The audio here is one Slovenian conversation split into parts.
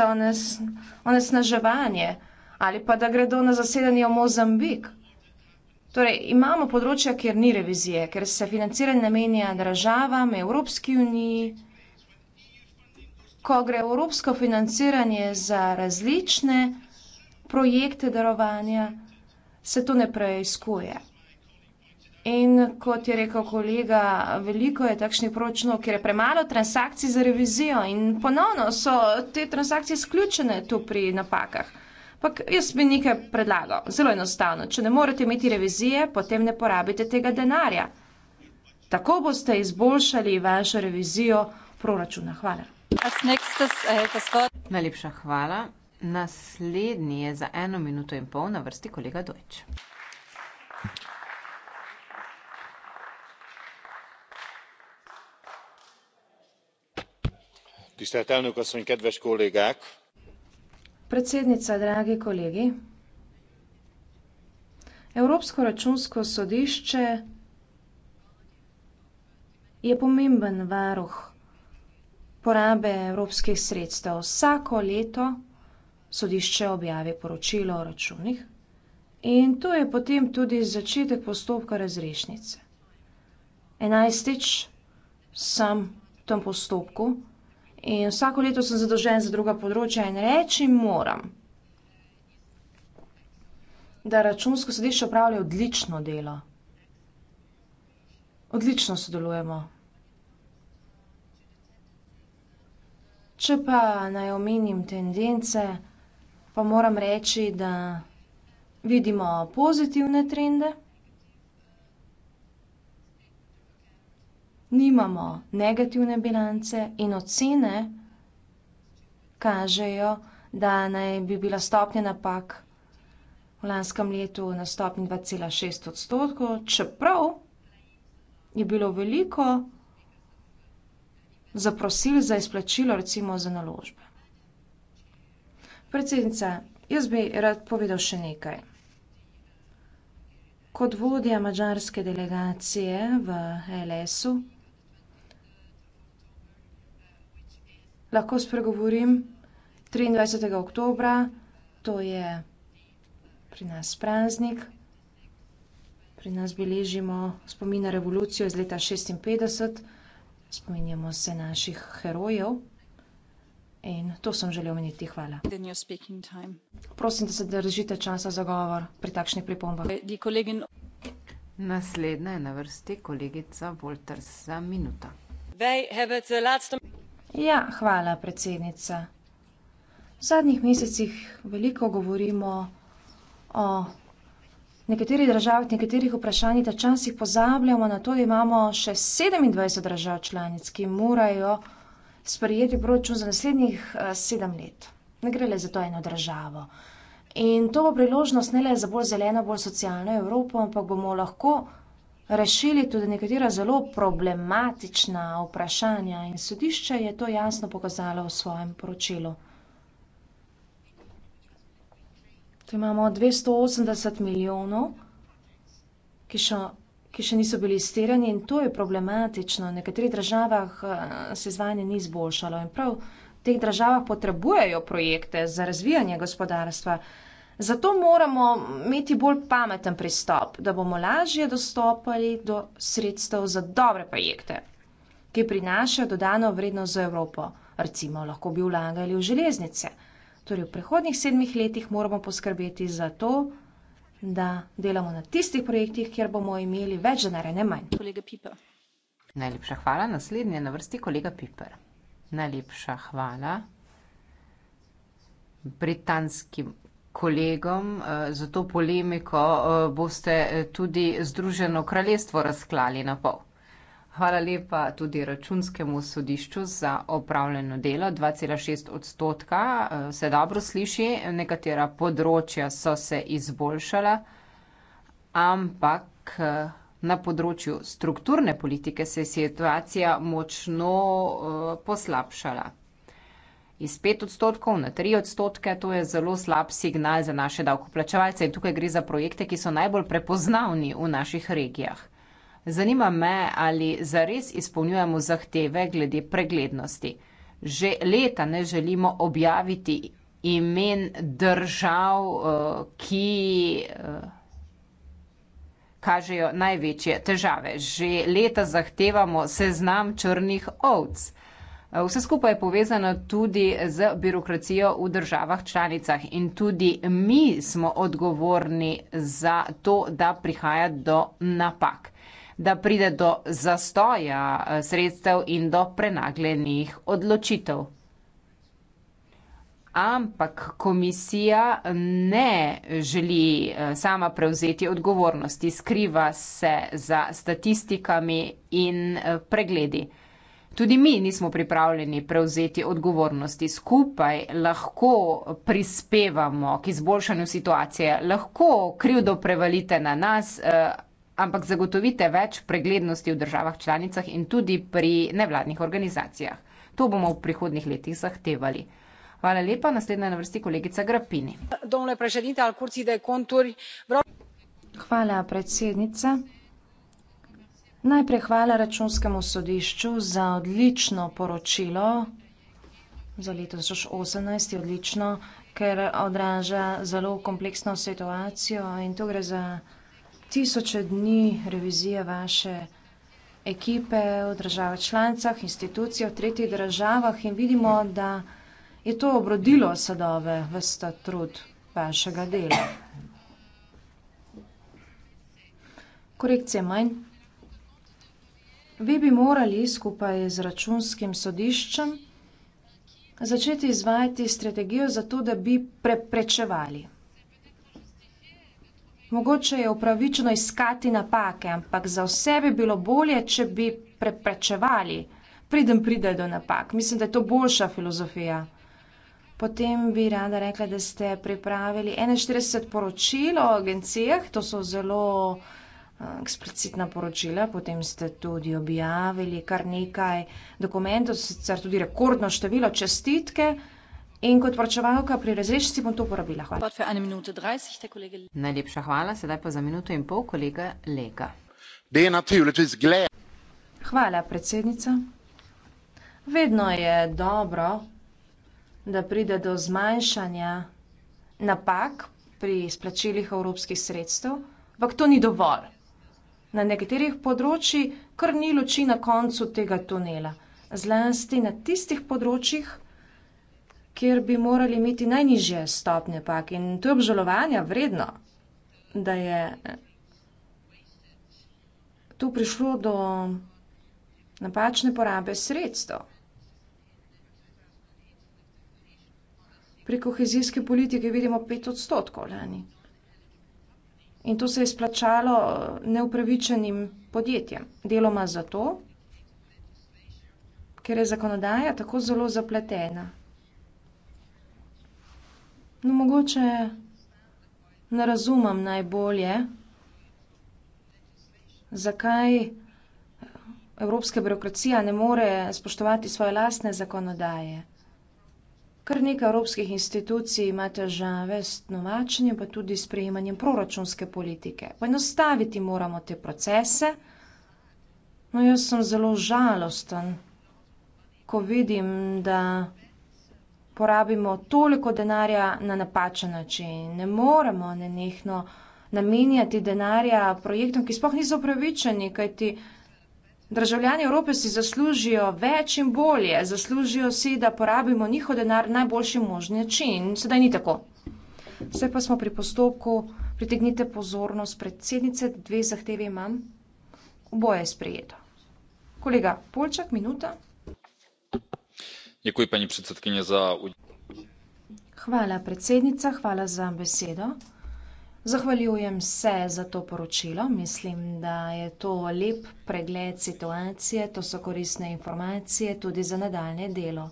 za onesnaževanje ali pa da gredo na zasedanje v Mozambik. Torej, imamo področja, kjer ni revizije, ker se financiranje namenja državam, Evropski uniji. Ko gre evropsko financiranje za različne projekte darovanja, se to ne preiskuje. In kot je rekel kolega, veliko je takšnih proračunov, kjer je premalo transakcij za revizijo in ponovno so te transakcije sključene tu pri napakah. Pak jaz bi nekaj predlagal, zelo enostavno. Če ne morete imeti revizije, potem ne porabite tega denarja. Tako boste izboljšali vašo revizijo proračuna. Hvala. Najlepša hvala. Naslednji je za eno minuto in pol na vrsti kolega Dojč. tisztelt elnök asszony, kedves kollégák! Predsednica, dragi kolegi! Evropsko računsko sodišče je pomemben varuh porabe evropskih sredstev. Vsako leto sodišče objavi poročilo o računih in to je potem tudi začetek postopka razrešnice. Enajstič sem v tem postopku. In vsako leto sem zadolžen za druga področja in reči moram, da računsko sodišče upravlja odlično delo. Odlično sodelujemo. Če pa naj omenim tendence, pa moram reči, da vidimo pozitivne trende. nimamo negativne bilance in ocene kažejo, da naj bi bila stopnja napak v lanskem letu na stopni 2,6 odstotkov, čeprav je bilo veliko zaprosil za izplačilo recimo za naložbe. Predsednica, jaz bi rad povedal še nekaj. Kot vodja mađarske delegacije v LS-u lahko spregovorim 23. oktober, to je pri nas praznik, pri nas beležimo spomin na revolucijo iz leta 56, spominjamo se naših herojev. In to sem želel omeniti. Hvala. Prosim, da se držite časa za govor pri takšnih pripombah. Eh, Kolegin... Naslednja je na vrsti kolegica Volter za minuto. Ja, hvala, predsednica. V zadnjih mesecih veliko govorimo o nekaterih državah, nekaterih vprašanjih, da časih pozabljamo na to, da imamo še 27 držav članic, ki morajo sprejeti proračun za naslednjih eh, sedem let. Ne gre le za to eno državo. In to bo priložnost ne le za bolj zeleno, bolj socialno Evropo, ampak bomo lahko rešili tudi nekatera zelo problematična vprašanja in sodišče je to jasno pokazalo v svojem poročilu. Tu imamo 280 milijonov, ki, šo, ki še niso bili izterjeni in to je problematično. V nekaterih državah eh, se zvanje ni izboljšalo in prav v teh državah potrebujejo projekte za razvijanje gospodarstva. Uh, Zato moramo imeti bolj pameten pristop, da bomo lažje dostopali do sredstev za dobre projekte, ki prinašajo dodano vrednost za Evropo. Recimo, lahko bi vlagali v železnice. Torej, v prihodnih sedmih letih moramo poskrbeti za to, da delamo na tistih projektih, kjer bomo imeli več denarja, ne manj. Kolega Piper. Najlepša hvala. Naslednji je na vrsti kolega Piper. Najlepša hvala. Britanski kolegom eh, za to polemiko eh, boste eh, tudi Združeno kraljestvo razklali na pol. Hvala lepa tudi računskemu sodišču za opravljeno delo. 2,6 odstotka se dobro sliši, nekatera področja so se izboljšala, ampak na področju strukturne politike se je situacija močno poslabšala iz 5 odstotkov na 3 odstotke. To je zelo slab signal za naše davkoplačevalce in tukaj gre za projekte, ki so najbolj prepoznavni v naših regijah. Zanima me, ali zares izpolnjujemo zahteve glede preglednosti. Že leta ne želimo objaviti imen držav, eh, ki eh, kažejo največje težave. Že leta zahtevamo seznam črnih ovc. Eh, vse skupaj je povezano tudi z birokracijo v državah članicah in tudi mi smo odgovorni za to, da prihaja do napak, da pride do zastoja eh, sredstev in do prenagljenih odločitev. Ampak komisija ne želi eh, sama prevzeti odgovornosti, skriva se za statistikami in pregledi. Tudi mi nismo pripravljeni prevzeti odgovornosti. Skupaj lahko prispevamo k izboljšanju situacije, lahko krivdo prevalite na nas, eh, ampak zagotovite več preglednosti v državah članicah in tudi pri nevladnih organizacijah. To bomo v prihodnih letih zahtevali. Hvala lepa. Naslednja na vrsti kolegica Grapini. Hvala, predsednica. Najprej hvala računskemu sodišču za odlično poročilo za leto 2018, odlično, ker odraža zelo kompleksno situacijo in to gre za tisoče dni revizije vaše ekipe v državah članicah, institucije v tretjih državah in vidimo, da je to obrodilo sadove vsta trud vašega dela. Korekcije manj. Vi bi morali skupaj z računskim sodiščem začeti izvajati strategijo za to, da bi preprečevali. Mogoče je upravičeno iskati napake, ampak za vse bi bilo bolje, če bi preprečevali, preden pride do napak. Mislim, da je to boljša filozofija. Potem bi rada rekla, da ste pripravili 41 poročil o agencijah, to so zelo uh, eksplicitna poročila, potem ste tudi objavili kar nekaj dokumentov, sicer tudi rekordno število čestitke. In kot vrčevalka pri razrešnici bom to uporabila. Hvala. Najlepša hvala, sedaj pa za minuto in pol kolega Lega. Hvala, predsednica. Vedno je dobro, da pride do zmanjšanja napak pri splačilih evropskih sredstev, ampak to ni dovolj na nekaterih področjih kar ni luči na koncu tega tunela. Zlasti na tistih področjih, kjer bi morali imeti najnižje stopnje pak. In to je obžalovanja vredno, da je tu prišlo do napačne porabe sredstev. Pri kohezijski politiki vidimo pet odstotkov lani. In to se je splačalo eh, neupravičenim podjetjem. Deloma zato, ker je zakonodaja tako zelo zapletena. No, mogoče ne razumem najbolje, zakaj eh, evropska birokracija ne more spoštovati svoje lastne zakonodaje. Kar nekaj evropskih institucij ima težave s novačenjem, pa tudi s prejemanjem proračunske politike. Poenostaviti moramo te procese. No, jaz sem zelo žalosten, ko vidim, da porabimo toliko denarja na napačen način. Ne moremo nenehno namenjati denarja projektom, ki sploh niso upravičeni, kajti Državljani Evrope si zaslužijo več in bolje, zaslužijo si, da porabimo njihov denar na najboljši možni način. Sedaj ni tako. Vse pa smo pri postopku, pritegnite pozornost predsednice, dve zahteve imam, oboje sprejeto. Kolega Polčak, minuta. Hvala predsednica, hvala za besedo. Zahvaljujem se za to poročilo. Mislim, da je to lep pregled situacije, to so koristne informacije tudi za nadaljne delo.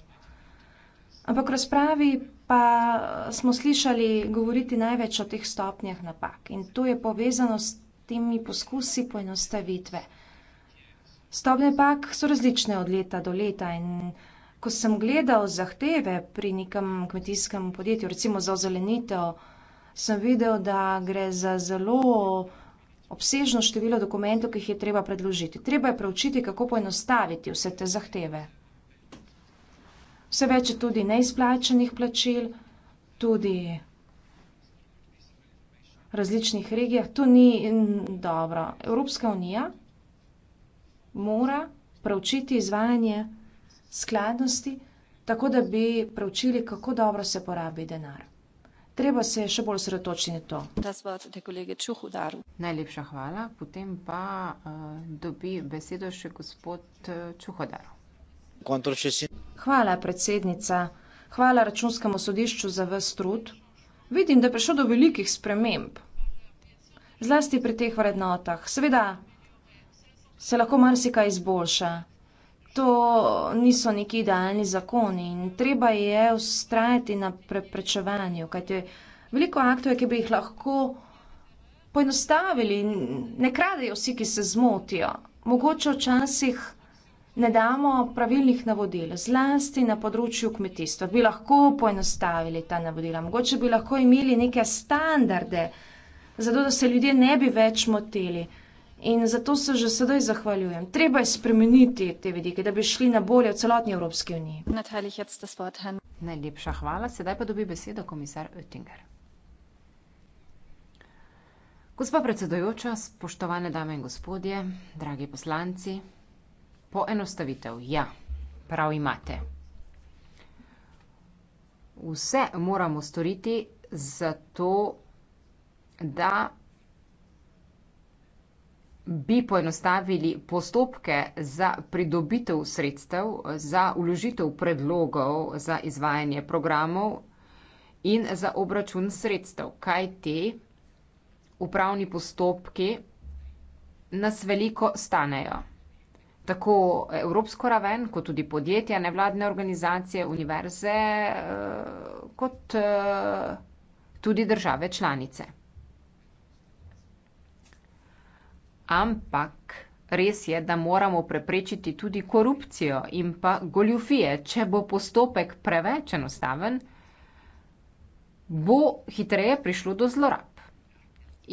Ampak v razpravi pa smo slišali govoriti največ o teh stopnjah napak in to je povezano s temi poskusi poenostavitve. Stopnje pak so različne od leta do leta in ko sem gledal zahteve pri nekem kmetijskem podjetju, recimo za ozelenitev, sem videl, da gre za zelo obsežno število dokumentov, ki jih je treba predložiti. Treba je preučiti, kako poenostaviti vse te zahteve. Vse več je tudi neizplačenih plačil, tudi različnih regijah. To ni dobro. Evropska unija mora preučiti izvajanje skladnosti, tako da bi preučili, kako dobro se porabi denar. Treba se še bolj sretočiti na to. Najlepša hvala. Potem pa uh, dobi besedo še gospod eh, Čuhodar. Hvala, predsednica. Hvala računskemu sodišču za vse trud. Vidim, da je prišlo do velikih sprememb, zlasti pri teh vrednotah. Seveda se lahko marsikaj izboljša, to niso neki idealni zakoni in treba je ustrajati na preprečevanju, kajte veliko aktov je, ki bi jih lahko poenostavili, ne kradejo vsi, ki se zmotijo. Mogoče včasih ne damo pravilnih navodil, zlasti na področju kmetijstva. Bi lahko poenostavili ta navodila, mogoče bi lahko imeli neke standarde, zato da se ljudje ne bi več moteli. In zato se že sedaj zahvaljujem. Treba je spremeniti te vidike, da bi šli na bolje v celotni Evropski uniji. Najlepša hvala. Sedaj pa dobi besedo komisar Oettinger. Gospa predsedojoča, spoštovane dame in gospodje, dragi poslanci, poenostavitev. Ja, prav imate. Vse moramo storiti zato, da bi poenostavili postopke za pridobitev sredstev, za uložitev predlogov za izvajanje programov in za obračun sredstev, kaj te upravni postopki nas veliko stanejo. Tako evropsko raven, kot tudi podjetja, nevladne organizacije, univerze, eh, kot eh, tudi države članice. Ampak res je, da moramo preprečiti tudi korupcijo in pa goljufije. Če bo postopek preveč enostaven, bo hitreje prišlo do zlorab.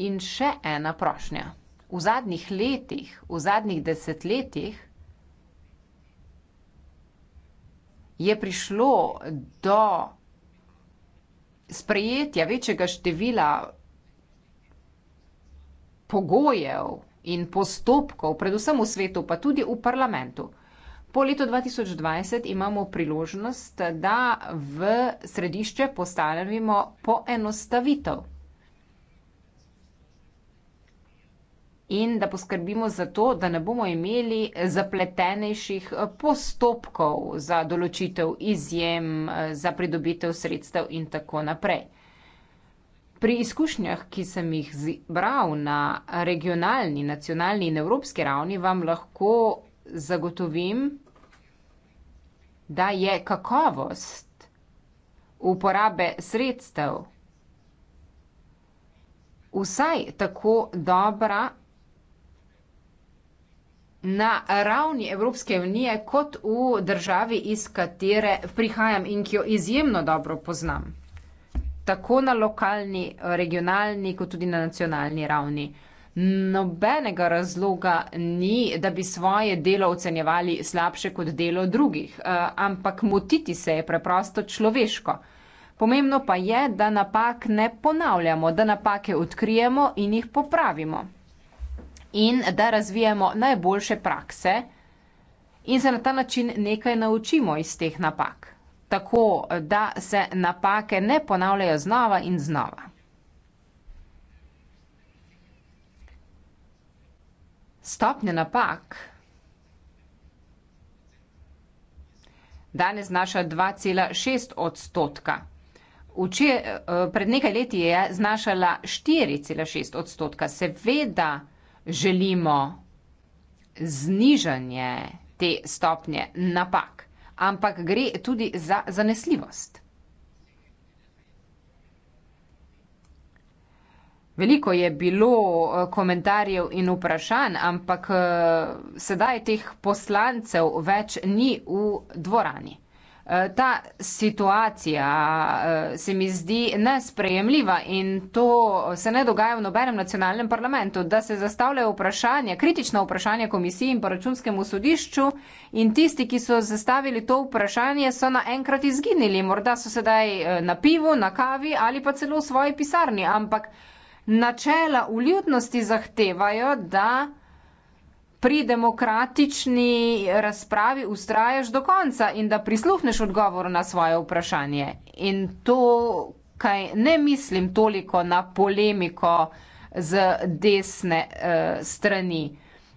In še ena prošnja. V zadnjih letih, v zadnjih desetletjih je prišlo do sprejetja večjega števila pogojev, in postopkov, predvsem v svetu, pa tudi v parlamentu. Po letu 2020 imamo priložnost, da v središče postavimo poenostavitev in da poskrbimo za to, da ne bomo imeli zapletenejših postopkov za določitev izjem, za pridobitev sredstev in tako naprej. Pri izkušnjah, ki sem jih zbral na regionalni, nacionalni in evropski ravni, vam lahko zagotovim, da je kakovost uporabe sredstev vsaj tako dobra na ravni Evropske unije kot v državi, iz katere prihajam in ki jo izjemno dobro poznam tako na lokalni, regionalni, kot tudi na nacionalni ravni. Nobenega razloga ni, da bi svoje delo ocenjevali slabše kot delo drugih, eh, ampak motiti se je preprosto človeško. Pomembno pa je, da napak ne ponavljamo, da napake odkrijemo in jih popravimo. In da razvijemo najboljše prakse in se na ta način nekaj naučimo iz teh napak tako, da se napake ne ponavljajo znova in znova. Stopnje napak danes znaša 2,6 odstotka. Uče, eh, pred nekaj leti je znašala 4,6 odstotka. Seveda želimo znižanje te stopnje napak ampak gre tudi za zanesljivost. Veliko je bilo eh, komentarjev in vprašanj, ampak eh, sedaj teh poslancev več ni v dvorani. Eh, ta situacija eh, se mi zdi nesprejemljiva in to se ne dogaja v nobenem nacionalnem parlamentu, da se zastavljajo vprašanja, kritična vprašanja komisiji in poračunskemu sodišču in tisti, ki so zastavili to vprašanje, so naenkrat izginili. Morda so sedaj eh, na pivu, na kavi ali pa celo v svoji pisarni, ampak načela vljudnosti zahtevajo, da pri demokratični razpravi ustrajaš do konca in da prisluhneš odgovor na svoje vprašanje. In to, kaj ne mislim toliko na polemiko z desne e, strani.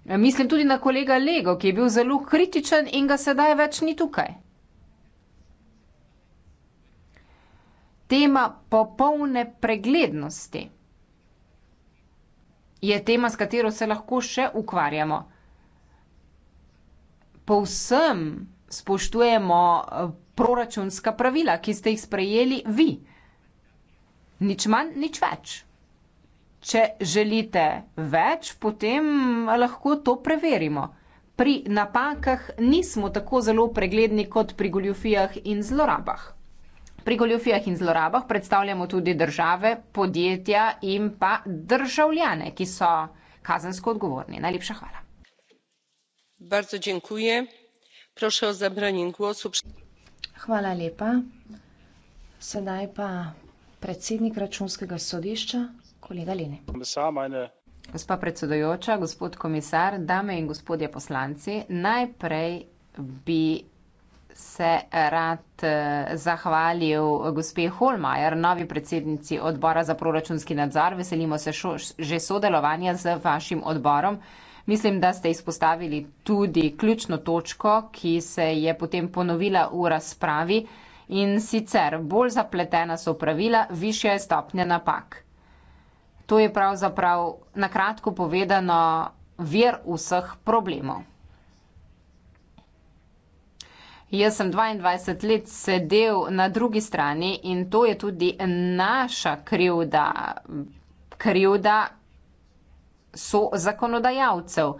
Mislim tudi na kolega Lego, ki je bil zelo kritičen in ga sedaj več ni tukaj. Tema popolne preglednosti je tema, s katero se lahko še ukvarjamo povsem spoštujemo eh, proračunska pravila, ki ste jih sprejeli vi. Nič manj, nič več. Če želite več, potem lahko to preverimo. Pri napakah nismo tako zelo pregledni kot pri goljufijah in zlorabah. Pri goljufijah in zlorabah predstavljamo tudi države, podjetja in pa državljane, ki so kazensko odgovorni. Najlepša hvala. Hvala lepa. Sedaj pa predsednik računskega sodišča, kolega Lenik. Gospa predsedujoča, gospod komisar, dame in gospodje poslanci. Najprej bi se rad eh, zahvalil gospe Holmajer, novi predsednici odbora za proračunski nadzor. Veselimo se šo, že sodelovanja z vašim odborom. Mislim, da ste izpostavili tudi ključno točko, ki se je potem ponovila v razpravi in sicer bolj zapletena so pravila, više je stopnja napak. To je pravzaprav nakratko povedano vir vseh problemov. Jaz sem 22 let sedel na drugi strani in to je tudi naša krivda, krivda so zakonodajalcev.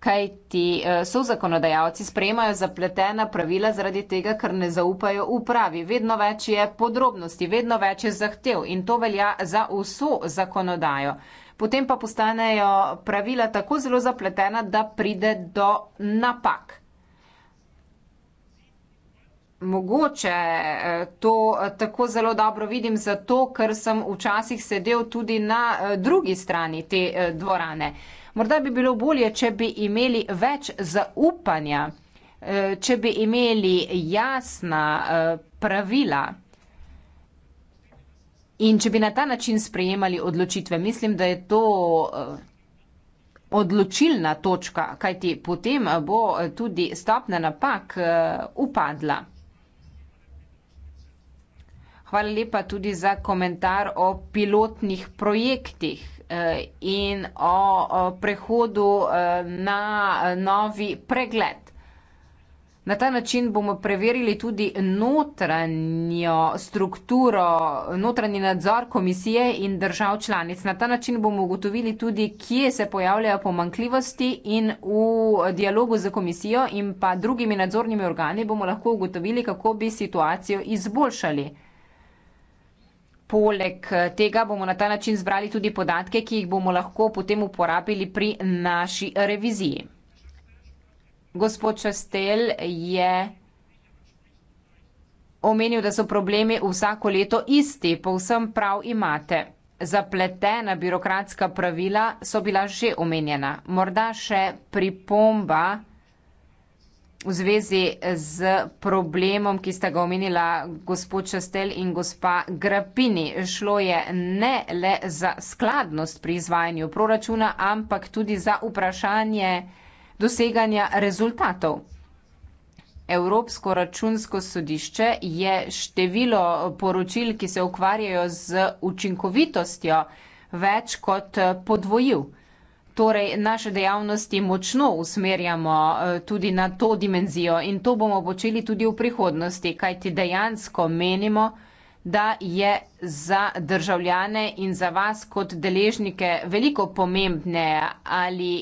Kaj ti eh, so zakonodajalci sprejemajo zapletena pravila zaradi tega, ker ne zaupajo upravi. Vedno več je podrobnosti, vedno več je zahtev in to velja za vso zakonodajo. Potem pa postanejo pravila tako zelo zapletena, da pride do napak mogoče eh, to eh, tako zelo dobro vidim, zato ker sem včasih sedel tudi na eh, drugi strani te dvorane. Morda bi bilo bolje, če bi imeli več zaupanja, če bi imeli jasna pravila in če bi na ta način sprejemali odločitve. Mislim, da je to odločilna točka, kajti potem bo tudi stopna napak upadla. Hvala lepa tudi za komentar o pilotnih projektih eh, in o prehodu eh, na novi pregled. Na ta način bomo preverili tudi notranjo strukturo, notranji nadzor komisije in držav članic. Na ta način bomo ugotovili tudi, kje se pojavljajo pomankljivosti in v dialogu z komisijo in pa drugimi nadzornimi organi bomo lahko ugotovili, kako bi situacijo izboljšali. Poleg eh, tega bomo na ta način zbrali tudi podatke, ki jih bomo lahko potem uporabili pri naši reviziji. Gospod Častel je omenil, da so problemi vsako leto isti, povsem prav imate. Zapletena birokratska pravila so bila že omenjena. Morda še pripomba v zvezi z problemom, ki sta ga omenila gospod Čestel in gospa Grapini. Šlo je ne le za skladnost pri izvajanju proračuna, ampak tudi za vprašanje doseganja rezultatov. Evropsko računsko sodišče je število poročil, ki se ukvarjajo z učinkovitostjo, več kot podvojil torej naše dejavnosti močno usmerjamo eh, tudi na to dimenzijo in to bomo počeli tudi v prihodnosti, kajti dejansko menimo, da je za državljane in za vas kot deležnike veliko pomembne ali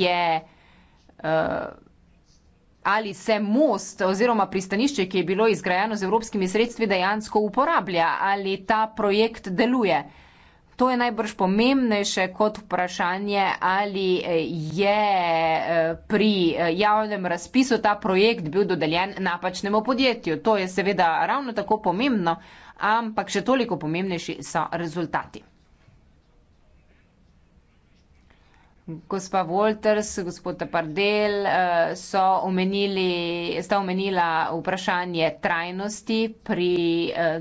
je. Eh, ali se most oziroma pristanišče, ki je bilo izgrajeno z evropskimi sredstvi, dejansko uporablja, ali ta projekt deluje. To je najbrž pomembnejše kot vprašanje, ali eh, je eh, pri eh, javnem razpisu ta projekt bil dodeljen napačnemu podjetju. To je seveda ravno tako pomembno, ampak še toliko pomembnejši so rezultati. Gospa Wolters, gospod Pardel so omenili, sta omenila vprašanje trajnosti pri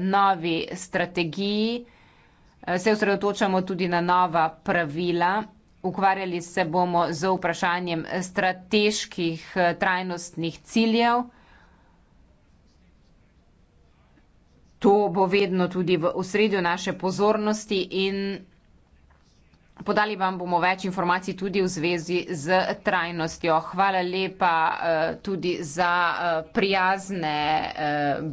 novi strategiji. Eh, se osredotočamo tudi na nova pravila. Ukvarjali se bomo z vprašanjem strateških eh, trajnostnih ciljev. To bo vedno tudi v osredju naše pozornosti in podali vam bomo več informacij tudi v zvezi z trajnostjo. Hvala lepa eh, tudi za prijazne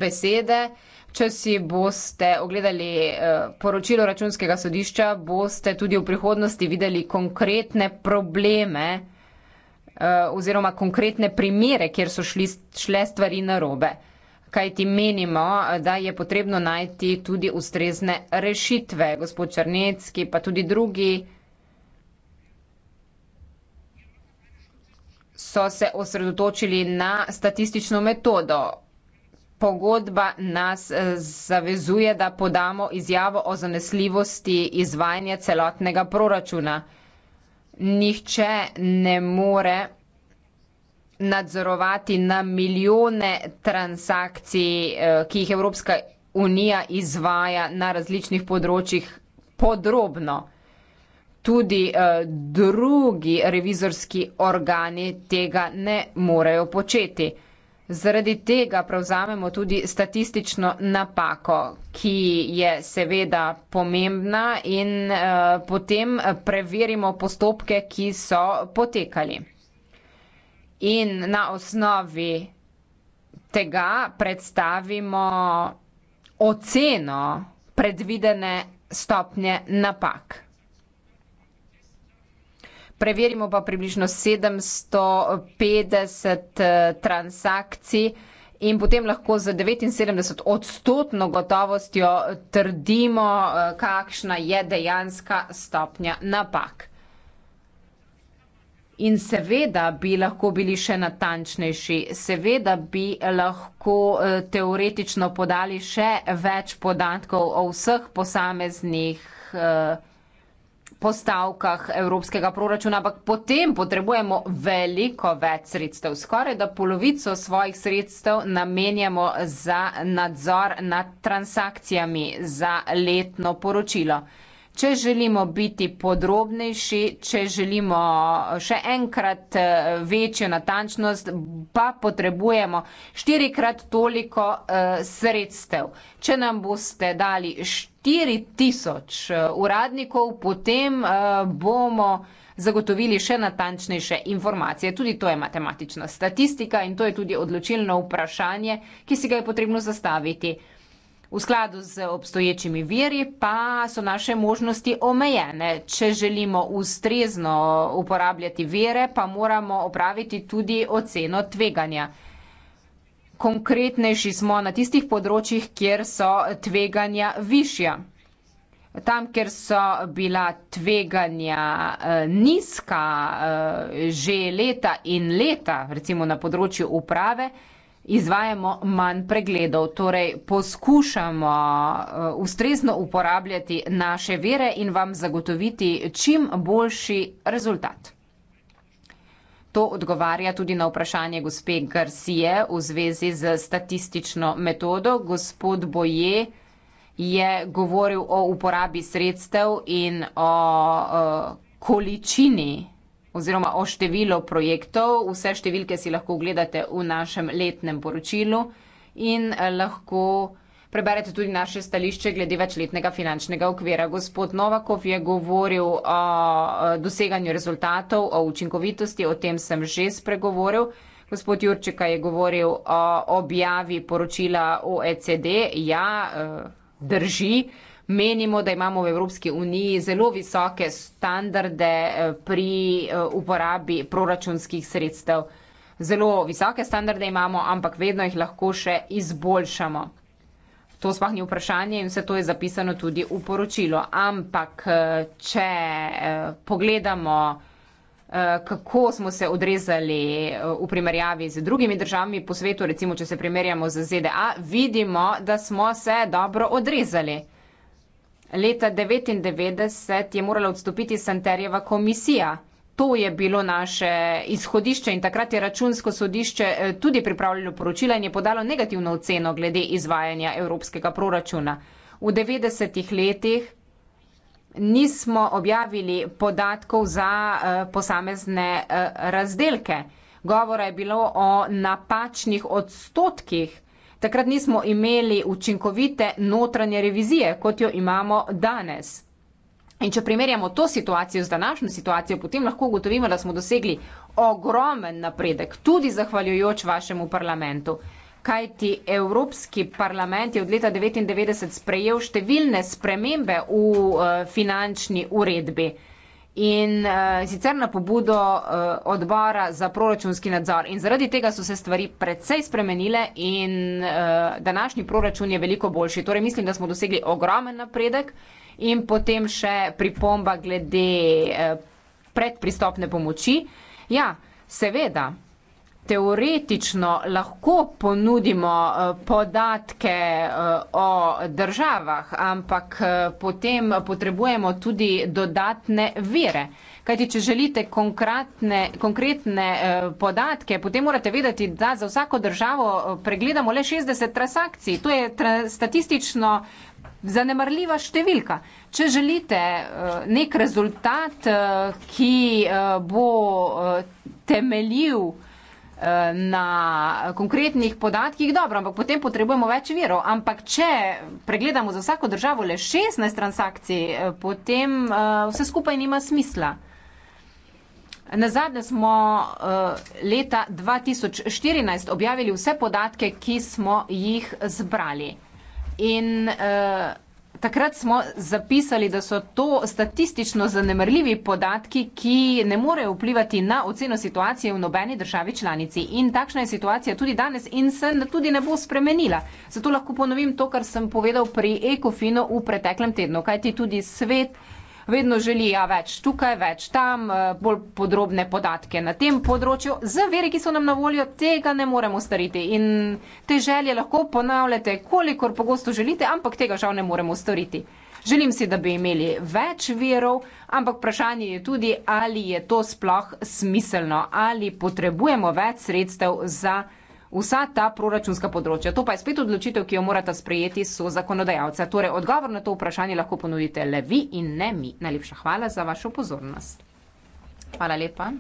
besede. Če si boste ogledali eh, poročilo računskega sodišča, boste tudi v prihodnosti videli konkretne probleme eh, oziroma konkretne primere, kjer so šli, šle stvari na robe. Kaj ti menimo, da je potrebno najti tudi ustrezne rešitve, gospod Črnecki, pa tudi drugi so se osredotočili na statistično metodo pogodba nas eh, zavezuje, da podamo izjavo o zanesljivosti izvajanja celotnega proračuna. Nihče ne more nadzorovati na milijone transakcij, eh, ki jih Evropska unija izvaja na različnih področjih podrobno. Tudi eh, drugi revizorski organi tega ne morejo početi. Zaradi tega prevzamemo tudi statistično napako, ki je seveda pomembna in eh, potem preverimo postopke, ki so potekali. In na osnovi tega predstavimo oceno predvidene stopnje napak preverimo pa približno 750 eh, transakcij in potem lahko z 79 odstotno gotovostjo trdimo, eh, kakšna je dejanska stopnja napak. In seveda bi lahko bili še natančnejši, seveda bi lahko eh, teoretično podali še več podatkov o vseh posameznih eh, postavkah evropskega proračuna, ampak potem potrebujemo veliko več sredstev. Skoraj da polovico svojih sredstev namenjamo za nadzor nad transakcijami za letno poročilo. Če želimo biti podrobnejši, če želimo eh, še enkrat eh, večjo natančnost, pa potrebujemo štirikrat toliko eh, sredstev. Če nam boste dali 4000 uradnikov, potem bomo zagotovili še natančnejše informacije. Tudi to je matematična statistika in to je tudi odločilno vprašanje, ki si ga je potrebno zastaviti. V skladu z obstoječimi viri pa so naše možnosti omejene. Če želimo ustrezno uporabljati vere, pa moramo opraviti tudi oceno tveganja. Konkretnejši smo na tistih področjih, kjer so tveganja višja. Tam, kjer so bila tveganja eh, nizka eh, že leta in leta, recimo na področju uprave, izvajamo manj pregledov, torej poskušamo eh, ustrezno uporabljati naše vere in vam zagotoviti čim boljši rezultat. To odgovarja tudi na vprašanje gospe Garcije v zvezi z statistično metodo. Gospod Boje je govoril o uporabi sredstev in o uh, količini oziroma o številu projektov. Vse številke si lahko ogledate v našem letnem poročilu in eh, lahko preberete tudi naše stališče glede večletnega finančnega okvira. Gospod Novakov je govoril o eh, doseganju rezultatov, o učinkovitosti, o tem sem že spregovoril. Gospod Jurčika je govoril o objavi poročila OECD. Ja, eh, drži menimo, da imamo v Evropski uniji zelo visoke standarde eh, pri eh, uporabi proračunskih sredstev. Zelo visoke standarde imamo, ampak vedno jih lahko še izboljšamo. To spahni vprašanje in vse to je zapisano tudi v poročilo. Ampak, eh, če pogledamo, kako smo se odrezali v primerjavi z drugimi državami po svetu, recimo, če se primerjamo z ZDA, vidimo, da smo se dobro odrezali leta 1999 je morala odstopiti Santerjeva komisija. To je bilo naše izhodišče in takrat je računsko sodišče eh, tudi pripravljalo poročila in je podalo negativno oceno glede izvajanja evropskega proračuna. V 90-ih letih nismo objavili podatkov za eh, posamezne eh, razdelke. Govora je bilo o napačnih odstotkih Takrat nismo imeli učinkovite notranje revizije, kot jo imamo danes. In če primerjamo to situacijo z današnjo situacijo, potem lahko ugotovimo, da smo dosegli ogromen napredek, tudi zahvaljujoč vašemu parlamentu. Kajti Evropski parlament je od leta 1999 sprejel številne spremembe v eh, finančni uredbi in uh, sicer na pobudo uh, odbora za proračunski nadzor. In zaradi tega so se stvari precej spremenile in uh, današnji proračun je veliko boljši. Torej mislim, da smo dosegli ogromen napredek in potem še pripomba glede uh, predpristopne pomoči. Ja, seveda teoretično lahko ponudimo eh, podatke eh, o državah, ampak eh, potem potrebujemo tudi dodatne vire. Kajti, če želite konkretne podatke, potem morate vedeti, da za vsako državo pregledamo le 60 transakcij. To je statistično zanemarljiva številka. Če želite nek rezultat, ki bo temeljiv, na konkretnih podatkih, dobro, ampak potem potrebujemo več virov. Ampak če pregledamo za vsako državo le 16 transakcij, eh, potem eh, vse skupaj nima smisla. Nazadnje smo eh, leta 2014 objavili vse podatke, ki smo jih zbrali. In takrat smo zapisali, da so to statistično zanemrljivi podatki, ki ne morejo vplivati na oceno situacije v nobeni državi članici. In takšna je situacija tudi danes in se tudi ne bo spremenila. Zato lahko ponovim to, kar sem povedal pri Ekofino v preteklem tednu, kajti tudi svet vedno želijo ja, več tukaj, več tam, eh, bolj podrobne podatke na tem področju. Z veri, ki so nam na voljo, tega ne moremo storiti. In te želje lahko ponavljate, kolikor pogosto želite, ampak tega žal ne moremo storiti. Želim si, da bi imeli več verov, ampak vprašanje je tudi, ali je to sploh smiselno, ali potrebujemo več sredstev za vsa ta proračunska področja. To pa je spet odločitev, ki jo morata sprejeti so zakonodajalca. Torej, odgovor na to vprašanje lahko ponudite le vi in ne mi. Najlepša hvala za vašo pozornost. Hvala lepa.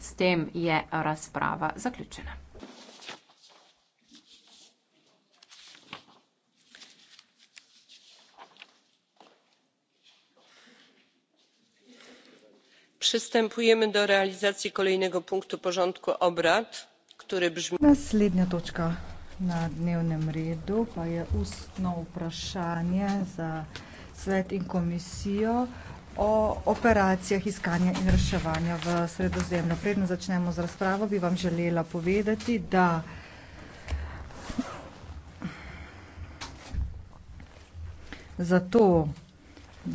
S tem je razprava zaključena. Przystępujemy do realizacji kolejnego punktu porządku obrad które brzmi... Naslednja točka na dnevnem redu pa je ustno vprašanje za svet in komisijo o operacijah iskanja in reševanja v sredozemlju. Predno začnemo z razpravo, bi vam želela povedati, da zato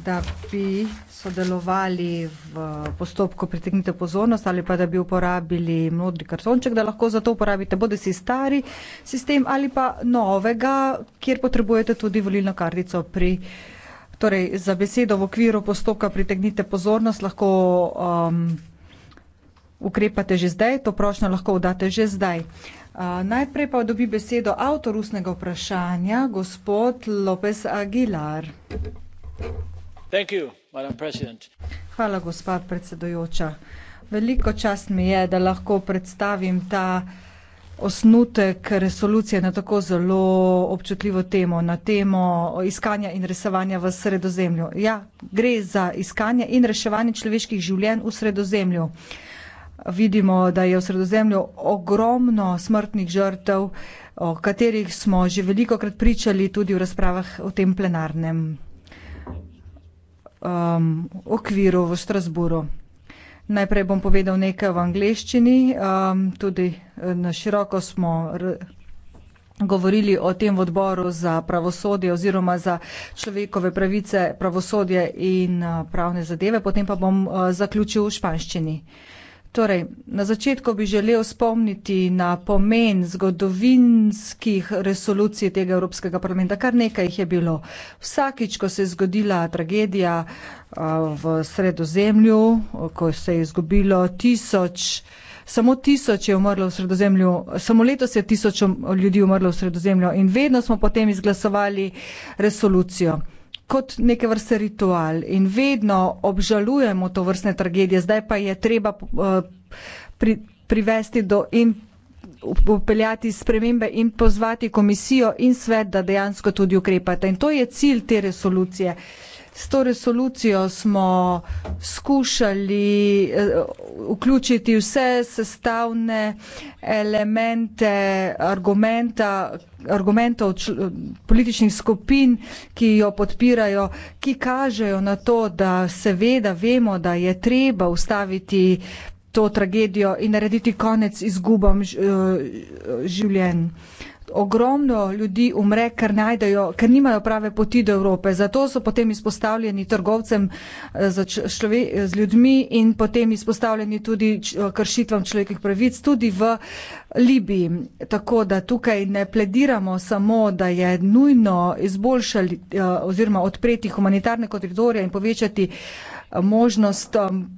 da bi sodelovali v postopku pritegnite pozornost ali pa da bi uporabili modri kartonček, da lahko za to uporabite bodi si stari sistem ali pa novega, kjer potrebujete tudi volilno kartico pri. Torej, za besedo v okviru postopka pritegnite pozornost, lahko um, ukrepate že zdaj, to prošnjo lahko vdate že zdaj. Uh, najprej pa dobi besedo avtor ustnega vprašanja, gospod Lopez Aguilar. Thank you. Hvala, gospa predsedujoča. Veliko čast mi je, da lahko predstavim ta osnutek resolucije na tako zelo občutljivo temo, na temo iskanja in reševanja v Sredozemlju. Ja, gre za iskanje in reševanje človeških življenj v Sredozemlju. Vidimo, da je v Sredozemlju ogromno smrtnih žrtev, o katerih smo že velikokrat pričali tudi v razpravah v tem plenarnem um, okviru v Strasburu. Najprej bom povedal nekaj v angleščini, um, tudi eh, na široko smo govorili o tem v odboru za pravosodje oziroma za človekove pravice, pravosodje in uh, pravne zadeve, potem pa bom uh, zaključil v španščini. Uh, Torej, na začetku bi želel spomniti na pomen zgodovinskih resolucij tega Evropskega parlamenta. Kar nekaj jih je bilo. Vsakič, ko se je zgodila tragedija v sredozemlju, ko se je izgubilo tisoč, samo tisoč je umrlo v sredozemlju, samo letos je tisoč ljudi umrlo v sredozemlju in vedno smo potem izglasovali resolucijo kot neke vrste ritual in vedno obžalujemo to vrstne tragedije, zdaj pa je treba eh, pri, privesti do in upeljati spremembe in pozvati komisijo in svet, da dejansko tudi ukrepate. In to je cilj te resolucije. Uh, S to resolucijo smo skušali eh, vključiti vse sestavne elemente argumenta, argumentov političnih skupin, ki jo podpirajo, ki kažejo na to, da seveda vemo, da je treba ustaviti to tragedijo in narediti konec izgubam eh, življenj ogromno ljudi umre, ker, najdejo, ker nimajo prave poti do Evrope. Zato so potem izpostavljeni trgovcem eh, z, člove, z ljudmi in potem izpostavljeni tudi kršitvam človekih pravic, tudi v Libiji. Tako da tukaj ne plediramo samo, da je nujno izboljšati eh, oziroma odpreti humanitarne koridorje in povečati možnost um,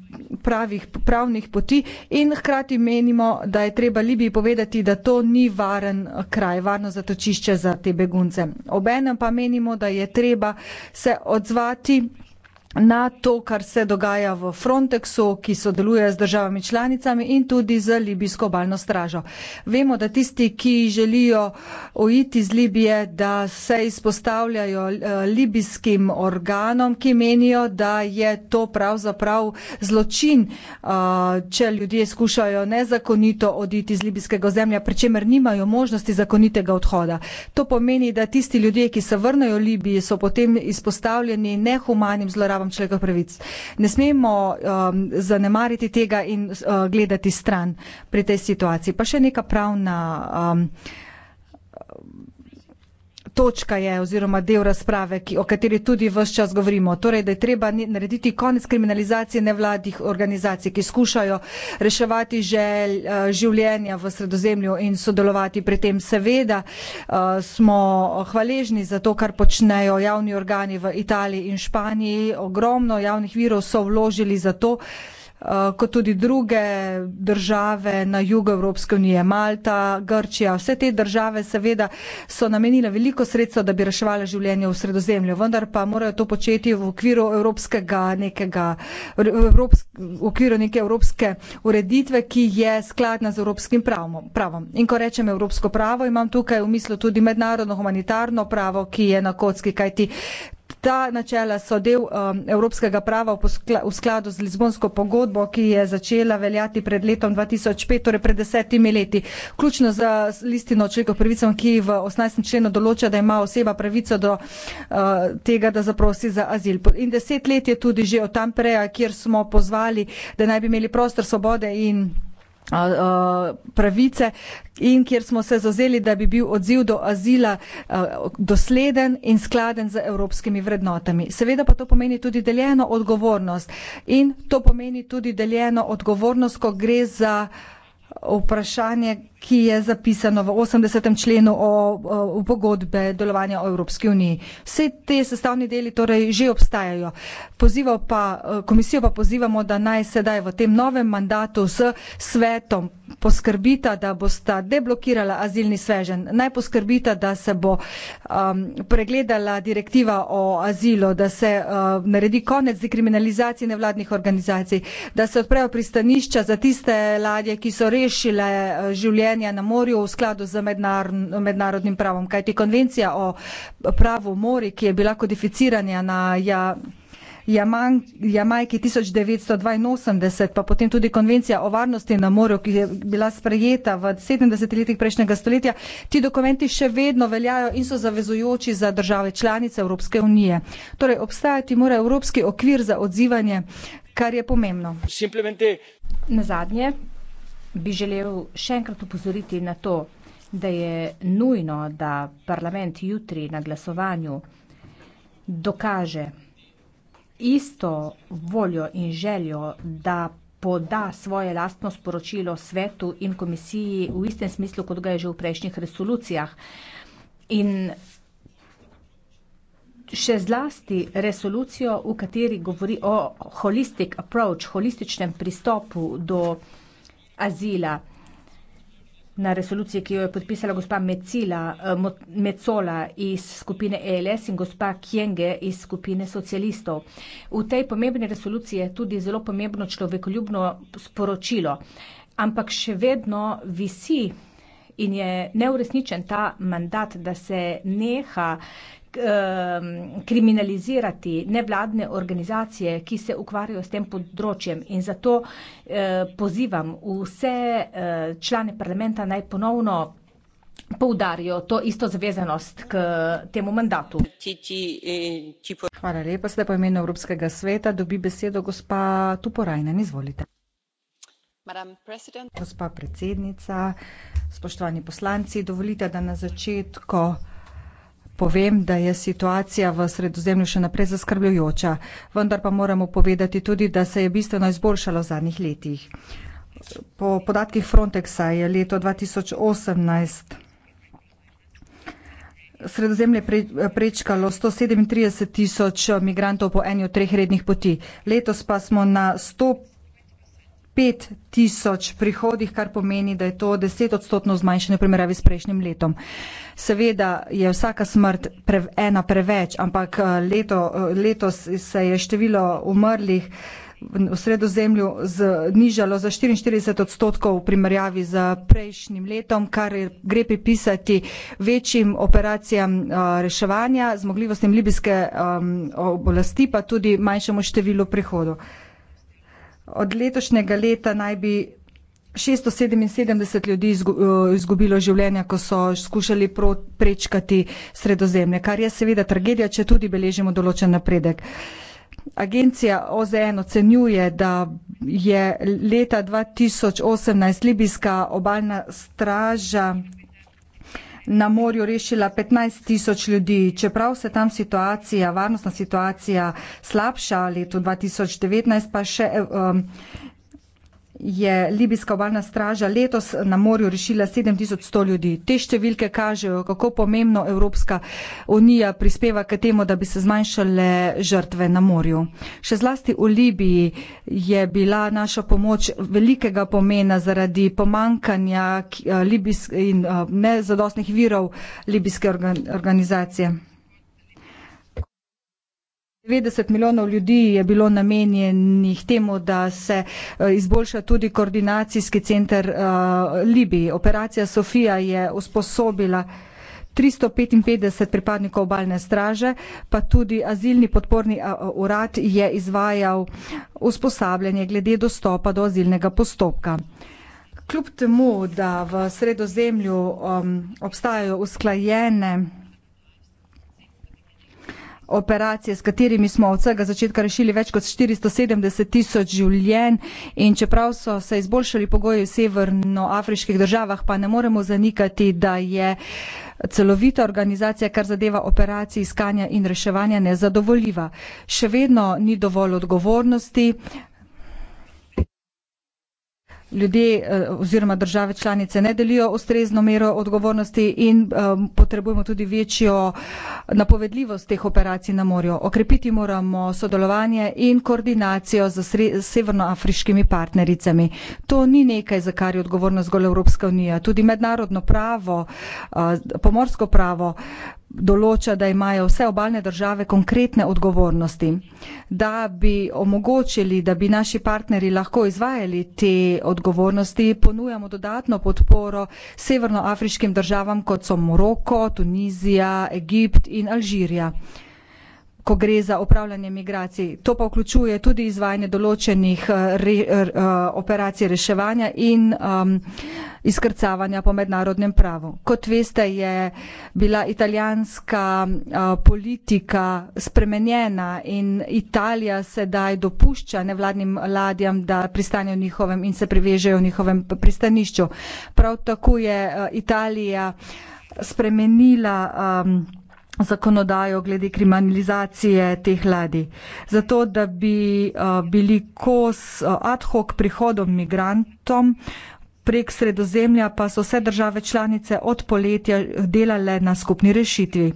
pravih, pravnih poti in hkrati menimo, da je treba Libiji povedati, da to ni varen kraj, varno zatočišče za te begunce. Obenem pa menimo, da je treba se odzvati na to, kar se dogaja v Frontexu, ki sodeluje z državami članicami in tudi z libijsko obalno stražo. Vemo, da tisti, ki želijo oiti iz Libije, da se izpostavljajo eh, libijskim organom, ki menijo, da je to pravzaprav zločin, eh, če ljudje skušajo nezakonito oditi iz libijskega zemlja, pri čemer nimajo možnosti zakonitega odhoda. To pomeni, da tisti ljudje, ki se vrnejo v Libiji, so potem izpostavljeni nehumanim zlorabam, pravom človeka pravic. Ne smemo um, zanemariti tega in uh, gledati stran pri tej situaciji. Pa še neka pravna. Um, točka je oziroma del razprave, ki, o kateri tudi vse čas govorimo. Torej, da je treba narediti konec kriminalizacije nevladnih organizacij, ki skušajo reševati žel eh, življenja v sredozemlju in sodelovati pri tem. Seveda eh, smo hvaležni za to, kar počnejo javni organi v Italiji in Španiji. Ogromno javnih virov so vložili za to. Eh, kot tudi druge države na jugu Evropske unije, Malta, Grčija. Vse te države seveda so namenile veliko sredstev, da bi reševali življenje v sredozemlju, vendar pa morajo to početi v okviru, evropskega nekega, evropske, v okviru neke evropske ureditve, ki je skladna z evropskim pravom, pravom. In ko rečem evropsko pravo, imam tukaj v mislu tudi mednarodno humanitarno pravo, ki je na kocki, kajti ta načela so del um, evropskega prava v, v skladu z lizbonsko pogodbo, ki je začela veljati pred letom 2005, torej pred desetimi leti. Ključno za listino človekov pravicom, ki v 18. členu določa, da ima oseba pravico do uh, tega, da zaprosi za azil. In deset let je tudi že od tam preja, kjer smo pozvali, da naj bi imeli prostor svobode in pravice in kjer smo se zazeli, da bi bil odziv do azila dosleden in skladen z evropskimi vrednotami. Seveda pa to pomeni tudi deljeno odgovornost in to pomeni tudi deljeno odgovornost, ko gre za vprašanje ki je zapisano v 80. členu o, o, o pogodbe delovanja o Evropski uniji. Vse te sestavni deli torej že obstajajo. Pa, eh, komisijo pa pozivamo, da naj sedaj v tem novem mandatu s svetom poskrbita, da bosta deblokirala azilni svežen, naj poskrbita, da se bo um, pregledala direktiva o azilu, da se um, naredi konec dekriminalizaciji nevladnih organizacij, da se odprejo pristanišča za tiste ladje, ki so rešile uh, življenje življenja na morju v skladu z mednar mednarodnim pravom. Kajti konvencija o pravu mori, ki je bila kodificirana na ja Jaman, Jamajki 1982, pa potem tudi konvencija o varnosti na morju, ki je bila sprejeta v 70 letih prejšnjega stoletja, ti dokumenti še vedno veljajo in so zavezujoči za države članice Evropske unije. Torej, obstajati mora Evropski okvir za odzivanje, kar je pomembno. Na zadnje, bi želel še enkrat upozoriti na to, da je nujno, da parlament jutri na glasovanju dokaže isto voljo in željo, da poda svoje lastno sporočilo svetu in komisiji v istem smislu, kot ga je že v prejšnjih resolucijah. In še zlasti resolucijo, v kateri govori o holistic approach, holističnem pristopu do resolucije, azila. Na resoluciji, ki jo je podpisala gospa Mecila, eh, Mecola iz skupine ELS in gospa Kjenge iz skupine socialistov. V tej pomembni resoluciji je tudi zelo pomembno človekoljubno sporočilo, ampak še vedno visi in je neuresničen ta mandat, da se neha Ehm, kriminalizirati nevladne organizacije, ki se ukvarjajo s tem področjem in zato eh, pozivam vse eh, člane parlamenta naj ponovno poudarijo to isto zavezanost k temu mandatu. Hvala lepa. Sedaj pa imenu Evropskega sveta dobi besedo gospa Tuporajnen. Izvolite. Gospa predsednica, spoštovani poslanci, dovolite, da na začetku povem, da je situacija v sredozemlju še naprej zaskrbljujoča, vendar pa moramo povedati tudi, da se je bistveno izboljšalo v zadnjih letih. Po podatkih Frontexa je leto 2018 sredozemlje prečkalo 137 tisoč migrantov po eni od treh rednih poti. Letos pa smo na 100 pet tisoč prihodih, kar pomeni, da je to deset odstotno zmanjšanje v primerjavi s prejšnjim letom. Seveda je vsaka smrt pre, ena preveč, ampak eh, leto, eh, letos se je število umrlih v sredozemlju znižalo za 44 odstotkov v primerjavi z prejšnjim letom, kar gre pripisati večjim operacijam eh, reševanja, zmogljivostim libijske oblasti, pa tudi manjšemu številu prihodov. Od letošnjega leta naj bi 677 ljudi eh, izgubilo življenja, ko so skušali prečkati sredozemlje, kar je seveda tragedija, če tudi beležimo določen napredek. Agencija OZN ocenjuje, da je leta 2018 libijska obaljna straža na morju rešila 15 tisoč ljudi. Čeprav se tam situacija, varnostna situacija slabša, leto 2019 pa še. Eh, um, je libijska obalna straža letos na morju rešila 7100 ljudi. Te številke kažejo, kako pomembno Evropska unija prispeva k temu, da bi se zmanjšale žrtve na morju. Še zlasti v Libiji je bila naša pomoč velikega pomena zaradi pomankanja eh, libijs in eh, nezadostnih virov libijske organizacije. 90 milijonov ljudi je bilo namenjenih temu, da se eh, izboljša tudi koordinacijski center eh, Libiji. Operacija Sofija je usposobila 355 pripadnikov obalne straže, pa tudi azilni podporni eh, urad je izvajal usposabljanje glede dostopa do azilnega postopka. Kljub temu, da v sredozemlju obstajajo usklajene operacije, s katerimi smo od vsega začetka rešili več kot 470 tisoč življenj in čeprav so se izboljšali pogoji v severnoafriških državah, pa ne moremo zanikati, da je celovita organizacija, kar zadeva operacije iskanja in reševanja, nezadovoljiva. Še vedno ni dovolj odgovornosti, ljudje eh, oziroma države članice ne delijo ustrezno mero odgovornosti in eh, potrebujemo tudi večjo eh, napovedljivost teh operacij na morju. Okrepiti moramo sodelovanje in koordinacijo z severnoafriškimi partnericami. To ni nekaj, za kar je odgovorna zgolj Evropska unija. Tudi mednarodno pravo, pomorsko pravo določa, da imajo vse obalne države konkretne odgovornosti. Da bi omogočili, da bi naši partnerji lahko izvajali te odgovornosti, ponujamo dodatno podporo severnoafriškim državam, kot so Moroko, Tunizija, Egipt in Alžirija ko gre za upravljanje migracij. To pa vključuje tudi izvajanje določenih eh, re, re, eh, operacij reševanja in um, izkrcavanja po mednarodnem pravu. Kot veste, je bila italijanska uh, politika spremenjena in Italija sedaj dopušča nevladnim ladjam, da pristanejo njihovem in se privežejo v njihovem pristanišču. Prav tako je uh, Italija spremenila um, zakonodajo glede kriminalizacije teh ladij. Zato, da bi eh, bili kos eh, ad hoc prihodom migrantom prek sredozemlja pa so vse države članice od poletja delale na skupni rešitvi.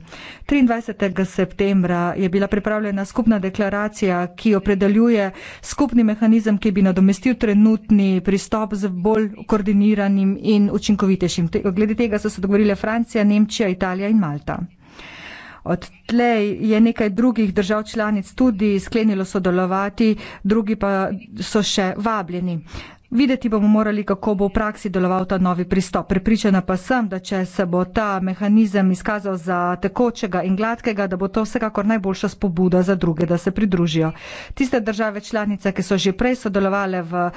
23. septembra je bila pripravljena skupna deklaracija, ki opredeljuje skupni mehanizem, ki bi nadomestil trenutni pristop z bolj koordiniranim in učinkovitejšim. Glede tega so se dogovorile Francija, Nemčija, Italija in Malta. Od tlej je nekaj drugih držav članic tudi sklenilo sodelovati, drugi pa so še vabljeni. Videti bomo morali, kako bo v praksi deloval ta novi pristop. Pripričana pa sem, da če se bo ta mehanizem izkazal za tekočega in gladkega, da bo to vsekakor najboljša spobuda za druge, da se pridružijo. Tiste države članice, ki so že prej sodelovali v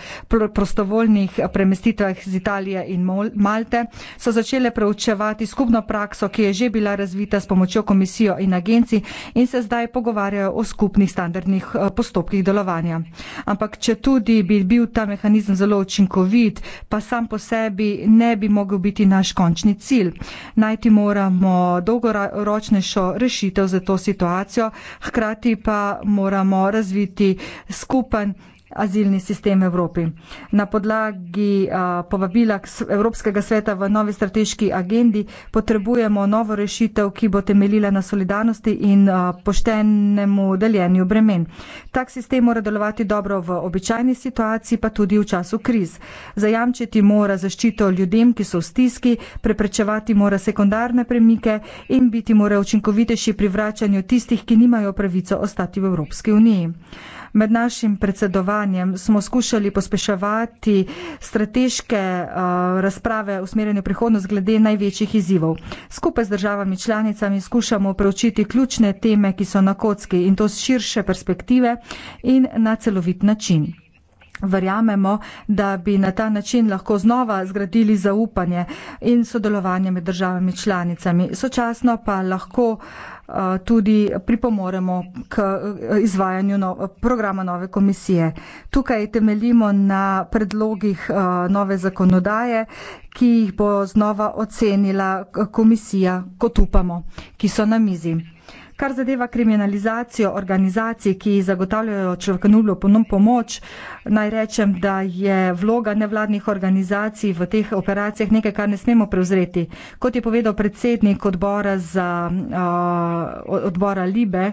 prostovoljnih premestitvah z Italije in Malte, so začele preučevati skupno prakso, ki je že bila razvita s pomočjo komisijo in agencij in se zdaj pogovarjajo o skupnih standardnih eh, postopkih delovanja. Ampak če tudi bi bil ta mehanizem zelo učinkovit, pa sam po sebi ne bi mogel biti naš končni cilj. Najti moramo dolgoročnejšo rešitev za to situacijo, hkrati pa moramo razviti skupen azilni sistem v Evropi. Na podlagi a, povabila Evropskega sveta v novi strateški agendi potrebujemo novo rešitev, ki bo temeljila na solidarnosti in a, poštenemu deljenju bremen. Tak sistem mora delovati dobro v običajni situaciji, pa tudi v času kriz. Zajamčiti mora zaščito ljudem, ki so v stiski, preprečevati mora sekundarne premike in biti mora učinkovitejši pri vračanju tistih, ki nimajo pravico ostati v Evropski uniji. Med našim predsedovanjem smo skušali pospeševati strateške uh, razprave usmerjene v prihodnost glede največjih izzivov. Skupaj z državami članicami skušamo preučiti ključne teme, ki so na kocki in to z širše perspektive in na celovit način. Verjamemo, da bi na ta način lahko znova zgradili zaupanje in sodelovanje med državami članicami. Sočasno pa lahko uh, Eh, tudi pripomoremo k eh, izvajanju no, programa nove komisije. Tukaj temeljimo na predlogih eh, nove zakonodaje, ki jih bo znova ocenila komisija, kot upamo, ki so na mizi kar zadeva kriminalizacijo organizacij, ki zagotavljajo človeknulo pomoč. Naj rečem, da je vloga nevladnih organizacij v teh operacijah nekaj, kar ne smemo prevzreti. Kot je povedal predsednik odbora, za, uh, odbora Libe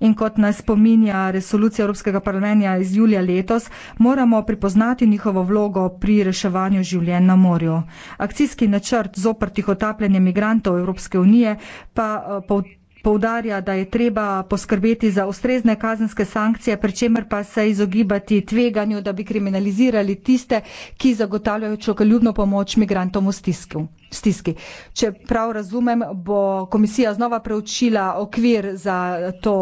in kot nas spominja resolucija Evropskega parlamenta iz julija letos, moramo pripoznati njihovo vlogo pri reševanju življenj na morju. Akcijski načrt zoprtih otapljanja migrantov Evropske unije pa uh, poudarja, da je treba poskrbeti za ustrezne kazenske sankcije, pri čemer pa se izogibati tveganju, da bi kriminalizirali tiste, ki zagotavljajo čokoljubno pomoč migrantom v stisku stiski. Če prav razumem, bo komisija znova preučila okvir za to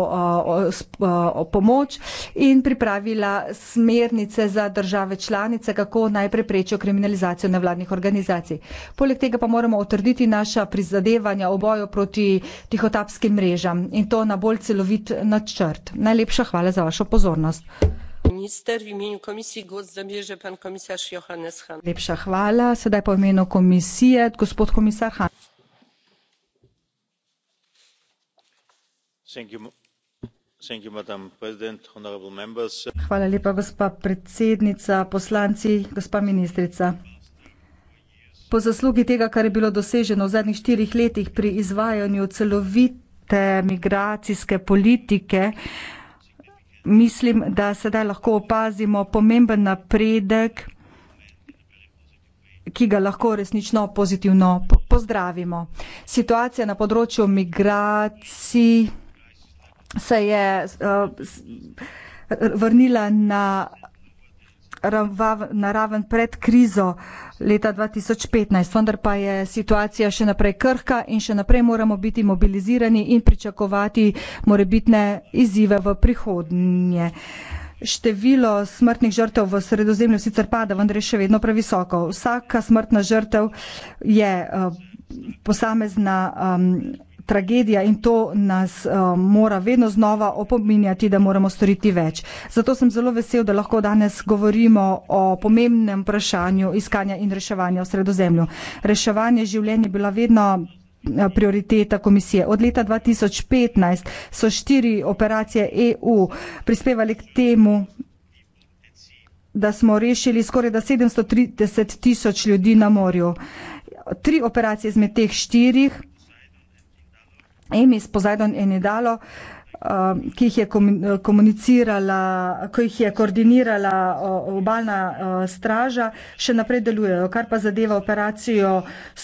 pomoč in pripravila smernice za države članice, kako naj preprečijo kriminalizacijo nevladnih organizacij. Poleg tega pa moramo otrditi naša prizadevanja o boju proti tihotapskim mrežam in to na bolj celovit načrt. Najlepša hvala za vašo pozornost. Najlepša hvala. Sedaj pa v imenu komisije gospod komisar Han. Hvala lepa, gospa predsednica, poslanci, gospa ministrica. Po zaslugi tega, kar je bilo doseženo v zadnjih štirih letih pri izvajanju celovite migracijske politike, mislim, da sedaj lahko opazimo pomemben napredek, ki ga lahko resnično pozitivno pozdravimo. Situacija na področju migracij se je uh, vrnila na naraven pred krizo leta 2015, vendar pa je situacija še naprej krhka in še naprej moramo biti mobilizirani in pričakovati morebitne izzive v prihodnje. Število smrtnih žrtev v sredozemlju sicer pada, vendar je še vedno previsoko. Vsaka smrtna žrtev je uh, posamezna. Um, tragedija in to nas um, mora vedno znova opominjati, da moramo storiti več. Zato sem zelo vesel, da lahko danes govorimo o pomembnem vprašanju iskanja in reševanja v sredozemlju. Reševanje življenja je bila vedno eh, prioriteta komisije. Od leta 2015 so štiri operacije EU prispevali k temu, da smo rešili skoraj 730 tisoč ljudi na morju. Tri operacije izmed teh štirih Emi s Pozajdon Enidalo, um, ki jih je komunicirala, ki jih je koordinirala obalna straža, še naprej delujejo. Kar pa zadeva operacijo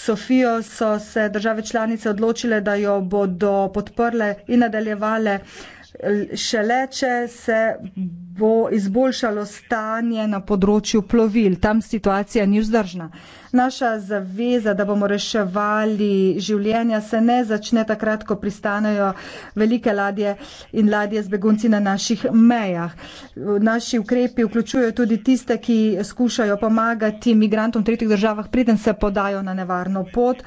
Sofijo, so se države članice odločile, da jo bodo podprle in nadaljevale šele, če se bodo bo izboljšalo stanje na področju plovil. Tam situacija ni vzdržna. Naša zaveza, da bomo reševali življenja, se ne začne takrat, ko pristanejo velike ladje in ladje z begunci na naših mejah. Naši ukrepi vključujejo tudi tiste, ki skušajo pomagati migrantom v tretjih državah, preden se podajo na nevarno pot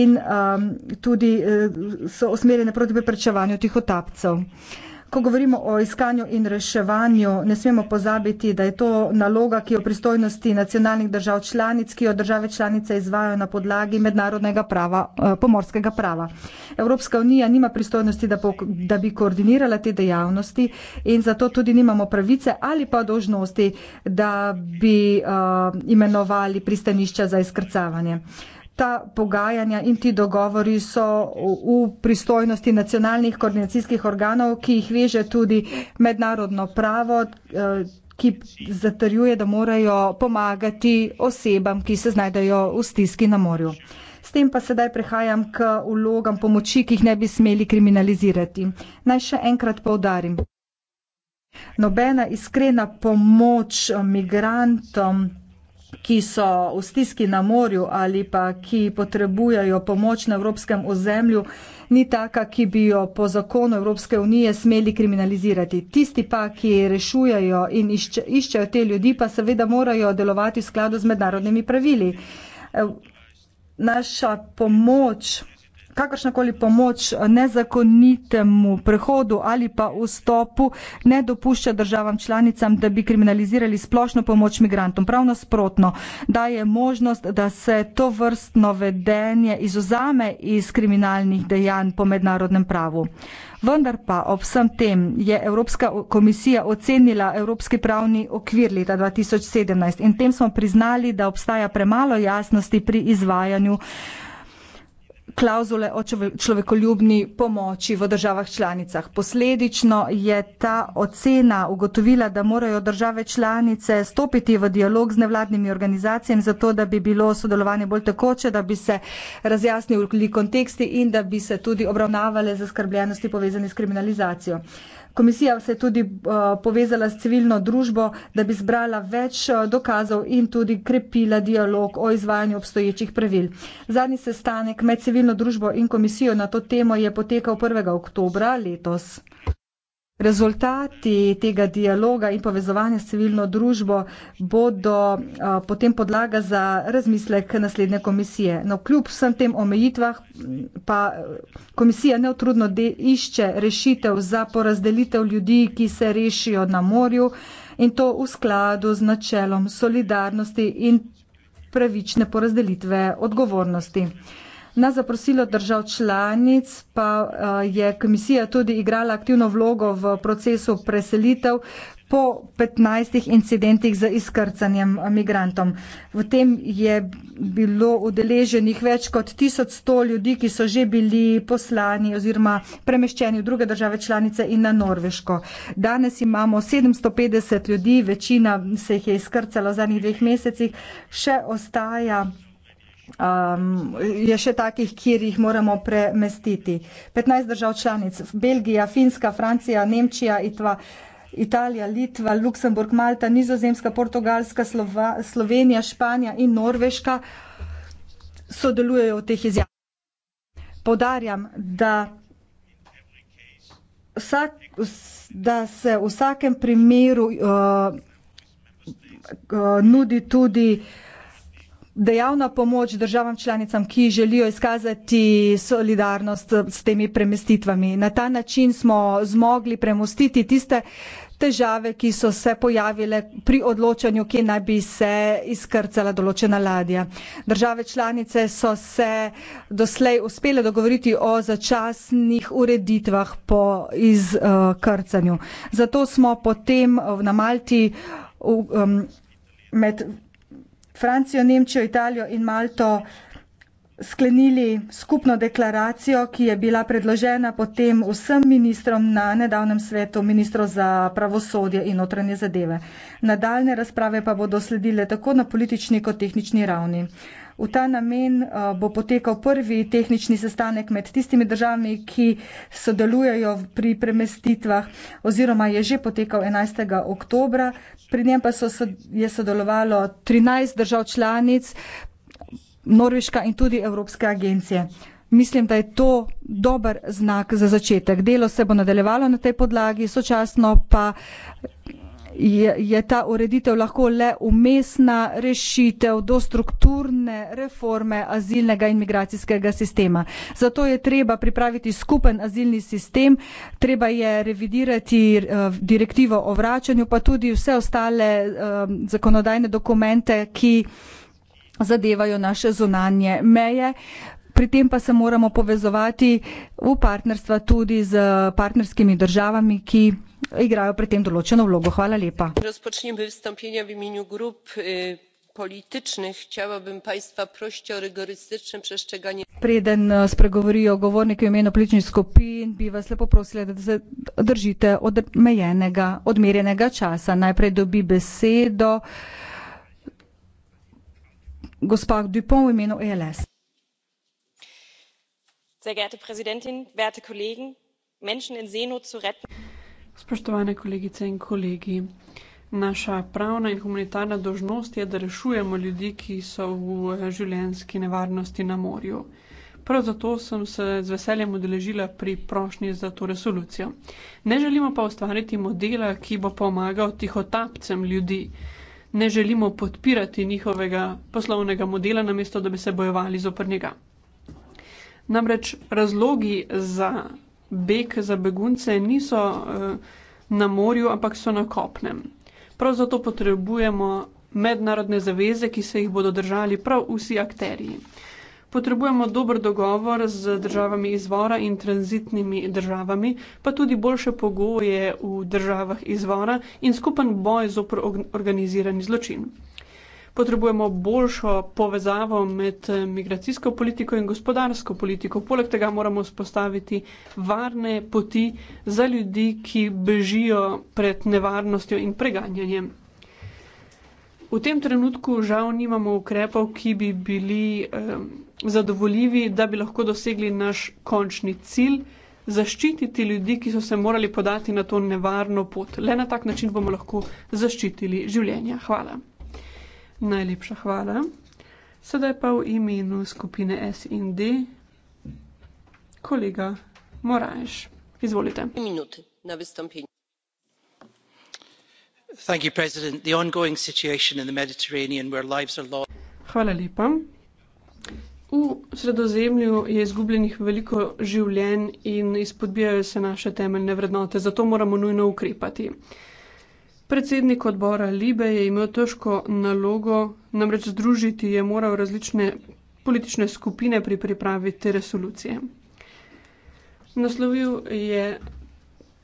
in um, tudi eh, so usmerjene proti preprečevanju tih otapcev. Uh, Ko govorimo o iskanju in reševanju, ne smemo pozabiti, da je to naloga, ki je v pristojnosti nacionalnih držav članic, ki jo države članice izvajo na podlagi mednarodnega prava, eh, pomorskega prava. Evropska unija nima pristojnosti, da, po, da bi koordinirala te dejavnosti in zato tudi nimamo pravice ali pa dožnosti, da bi uh, imenovali pristanišča za izkrcavanje. Uh, ta pogajanja in ti dogovori so v pristojnosti nacionalnih koordinacijskih organov, ki jih veže tudi mednarodno pravo, eh, ki zatrjuje, da morajo pomagati osebam, ki se znajdejo v stiski na morju. S tem pa sedaj prehajam k ulogam pomoči, ki jih ne bi smeli kriminalizirati. Naj še enkrat povdarim. Nobena iskrena pomoč eh, migrantom ki so v stiski na morju ali pa ki potrebujejo pomoč na evropskem ozemlju, ni taka, ki bi jo po zakonu Evropske unije smeli kriminalizirati. Tisti pa, ki rešujejo in išče, iščejo te ljudi, pa seveda morajo delovati v skladu z mednarodnimi pravili. Naša pomoč kakršnakoli pomoč eh, nezakonitemu prehodu ali pa vstopu ne dopušča državam članicam, da bi kriminalizirali splošno pomoč migrantom. Pravno sprotno daje možnost, da se to vrstno vedenje izuzame iz kriminalnih dejanj po mednarodnem pravu. Vendar pa ob vsem tem je Evropska komisija ocenila Evropski pravni okvir leta 2017 in tem smo priznali, da obstaja premalo jasnosti pri izvajanju klauzule o človekoljubni pomoči v državah članicah. Posledično je ta ocena ugotovila, da morajo države članice stopiti v dialog z nevladnimi organizacijami, zato da bi bilo sodelovanje bolj tekoče, da bi se razjasnili konteksti in da bi se tudi obravnavale zaskrbljenosti povezane s kriminalizacijo. Komisija se je tudi eh, povezala s civilno družbo, da bi zbrala več eh, dokazov in tudi krepila dialog o izvajanju obstoječih pravil. Zadnji sestanek med civilno družbo in komisijo na to temo je potekal 1. oktobra letos. Rezultati tega dialoga in povezovanja s civilno družbo bodo eh, potem podlaga za razmislek naslednje komisije. No, kljub vsem tem omejitvah pa eh, komisija neotrudno išče rešitev za porazdelitev ljudi, ki se rešijo na morju in to v skladu z načelom solidarnosti in pravične porazdelitve odgovornosti. Na zaprosilo držav članic pa eh, je komisija tudi igrala aktivno vlogo v procesu preselitev po 15 incidentih z izkrcanjem migrantom. V tem je bilo udeleženih več kot 1100 ljudi, ki so že bili poslani oziroma premeščeni v druge države članice in na Norveško. Danes imamo 750 ljudi, večina se jih je izkrcala v zadnjih dveh mesecih, še ostaja Um, je še takih, kjer jih moramo premestiti. 15 držav članic, Belgija, Finska, Francija, Nemčija, Itva, Italija, Litva, Luksemburg, Malta, Nizozemska, Portugalska, Slova, Slovenija, Španija in Norveška sodelujejo v teh izjavah. Podarjam, da, vsak, da se v vsakem primeru uh, uh, nudi tudi uh, dejavna pomoč državam članicam, ki želijo izkazati solidarnost eh, s temi premestitvami. Na ta način smo zmogli premustiti tiste težave, ki so se pojavile pri odločanju, kje naj bi se izkrcala določena ladja. Države članice so se doslej uspele dogovoriti o začasnih ureditvah po izkrcanju. Zato smo potem eh, na Malti v, um, med Francijo, Nemčijo, Italijo in Malto sklenili skupno deklaracijo, ki je bila predložena potem vsem ministrom na nedavnem svetu, ministro za pravosodje in notranje zadeve. Nadaljne razprave pa bodo sledile tako na politični kot tehnični ravni. V ta namen uh, bo potekal prvi tehnični sestanek med tistimi državami, ki sodelujejo pri premestitvah oziroma je že potekal 11. oktobra. Pri njem pa so, je sodelovalo 13 držav članic, Norveška in tudi Evropske agencije. Mislim, da je to dober znak za začetek. Delo se bo nadaljevalo na tej podlagi, sočasno pa je, je ta ureditev lahko le umestna rešitev do strukturne reforme azilnega in migracijskega sistema. Zato je treba pripraviti skupen azilni sistem, treba je revidirati eh, direktivo o vračanju, pa tudi vse ostale eh, zakonodajne dokumente, ki zadevajo naše zunanje meje pri tem pa se moramo povezovati v partnerstva tudi z partnerskimi državami, ki igrajo pri tem določeno vlogo. Hvala lepa. Rozpoczniemy wystąpienia w imieniu grup politycznych. Chciałabym państwa prosić o rygorystyczne przestrzeganie. Preden e, spregovorijo govorniki v imenu političnih skupin, bi vas lepo prosila, da se držite odmejenega, odmerjenega časa. Najprej dobi besedo gospa Dupont v imenu ELS sehr geehrte präsidentin werte kollegen menschen in seenot zu retten. spoštovane kolegice in kolegi naša pravna in humanitarna dolžnost je da rešujemo ljudi ki so v eh, življenjski nevarnosti na morju. Prav zato sem se z veseljem udeležila pri prošnji za to resolucijo. Ne želimo pa ustvariti modela, ki bo pomagal tihotapcem ljudi. Ne želimo podpirati njihovega poslovnega modela, namesto da bi se bojevali zoprnega. Namreč razlogi za beg za begunce niso eh, na morju, ampak so na kopnem. Prav zato potrebujemo mednarodne zaveze, ki se jih bodo držali prav vsi akterji. Potrebujemo dober dogovor z državami izvora in tranzitnimi državami, pa tudi boljše pogoje v državah izvora in skupen boj zopr organizirani zločin. Potrebujemo boljšo povezavo med eh, migracijsko politiko in gospodarsko politiko. Poleg tega moramo spostaviti varne poti za ljudi, ki bežijo pred nevarnostjo in preganjanjem. V tem trenutku žal nimamo ukrepov, ki bi bili um, zadovoljivi, da bi lahko dosegli naš končni cilj zaščititi ljudi, ki so se morali podati na to nevarno pot. Le na tak način bomo lahko zaščitili življenja. Hvala. Najlepša hvala. Sedaj pa v imenu skupine SND kolega Morajš. Izvolite. Hvala lepa. V sredozemlju je izgubljenih veliko življenj in izpodbijajo se naše temeljne vrednote, zato moramo nujno ukrepati. Predsednik odbora Libe je imel težko nalogo, namreč združiti je moral različne politične skupine pri pripravi te resolucije. Naslovil je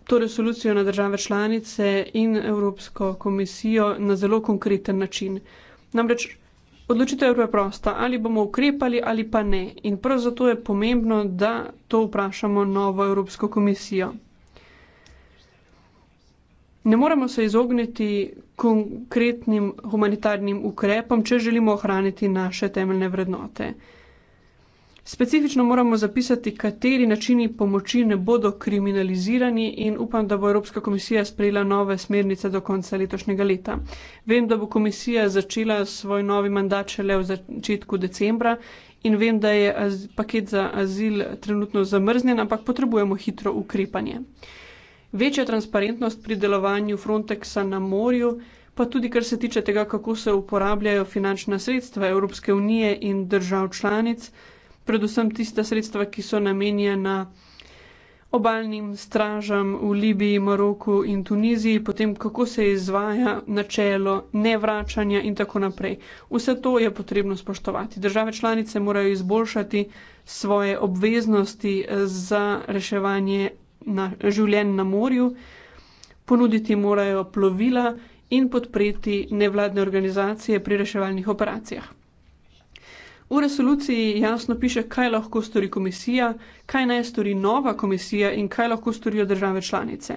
to resolucijo na države članice in Evropsko komisijo na zelo konkreten način. Namreč odločitev je preprosta, ali bomo ukrepali ali pa ne. In prav zato je pomembno, da to vprašamo novo Evropsko komisijo. Ne moremo se izogniti konkretnim humanitarnim ukrepom, če želimo ohraniti naše temeljne vrednote. Specifično moramo zapisati, kateri načini pomoči ne bodo kriminalizirani in upam, da bo Evropska komisija sprejela nove smernice do konca letošnjega leta. Vem, da bo komisija začela svoj novi mandat šele v začetku decembra in vem, da je paket za azil trenutno zamrznjen, ampak potrebujemo hitro ukrepanje večja transparentnost pri delovanju Frontexa na morju, pa tudi kar se tiče tega, kako se uporabljajo finančna sredstva Evropske unije in držav članic, predvsem tista sredstva, ki so namenjena obaljnim stražam v Libiji, Maroku in Tuniziji, potem kako se izvaja načelo nevračanja in tako naprej. Vse to je potrebno spoštovati. Države članice morajo izboljšati svoje obveznosti za reševanje na življenj na morju, ponuditi morajo plovila in podpreti nevladne organizacije pri reševalnih operacijah. V resoluciji jasno piše, kaj lahko stori komisija, kaj naj stori nova komisija in kaj lahko storijo države članice.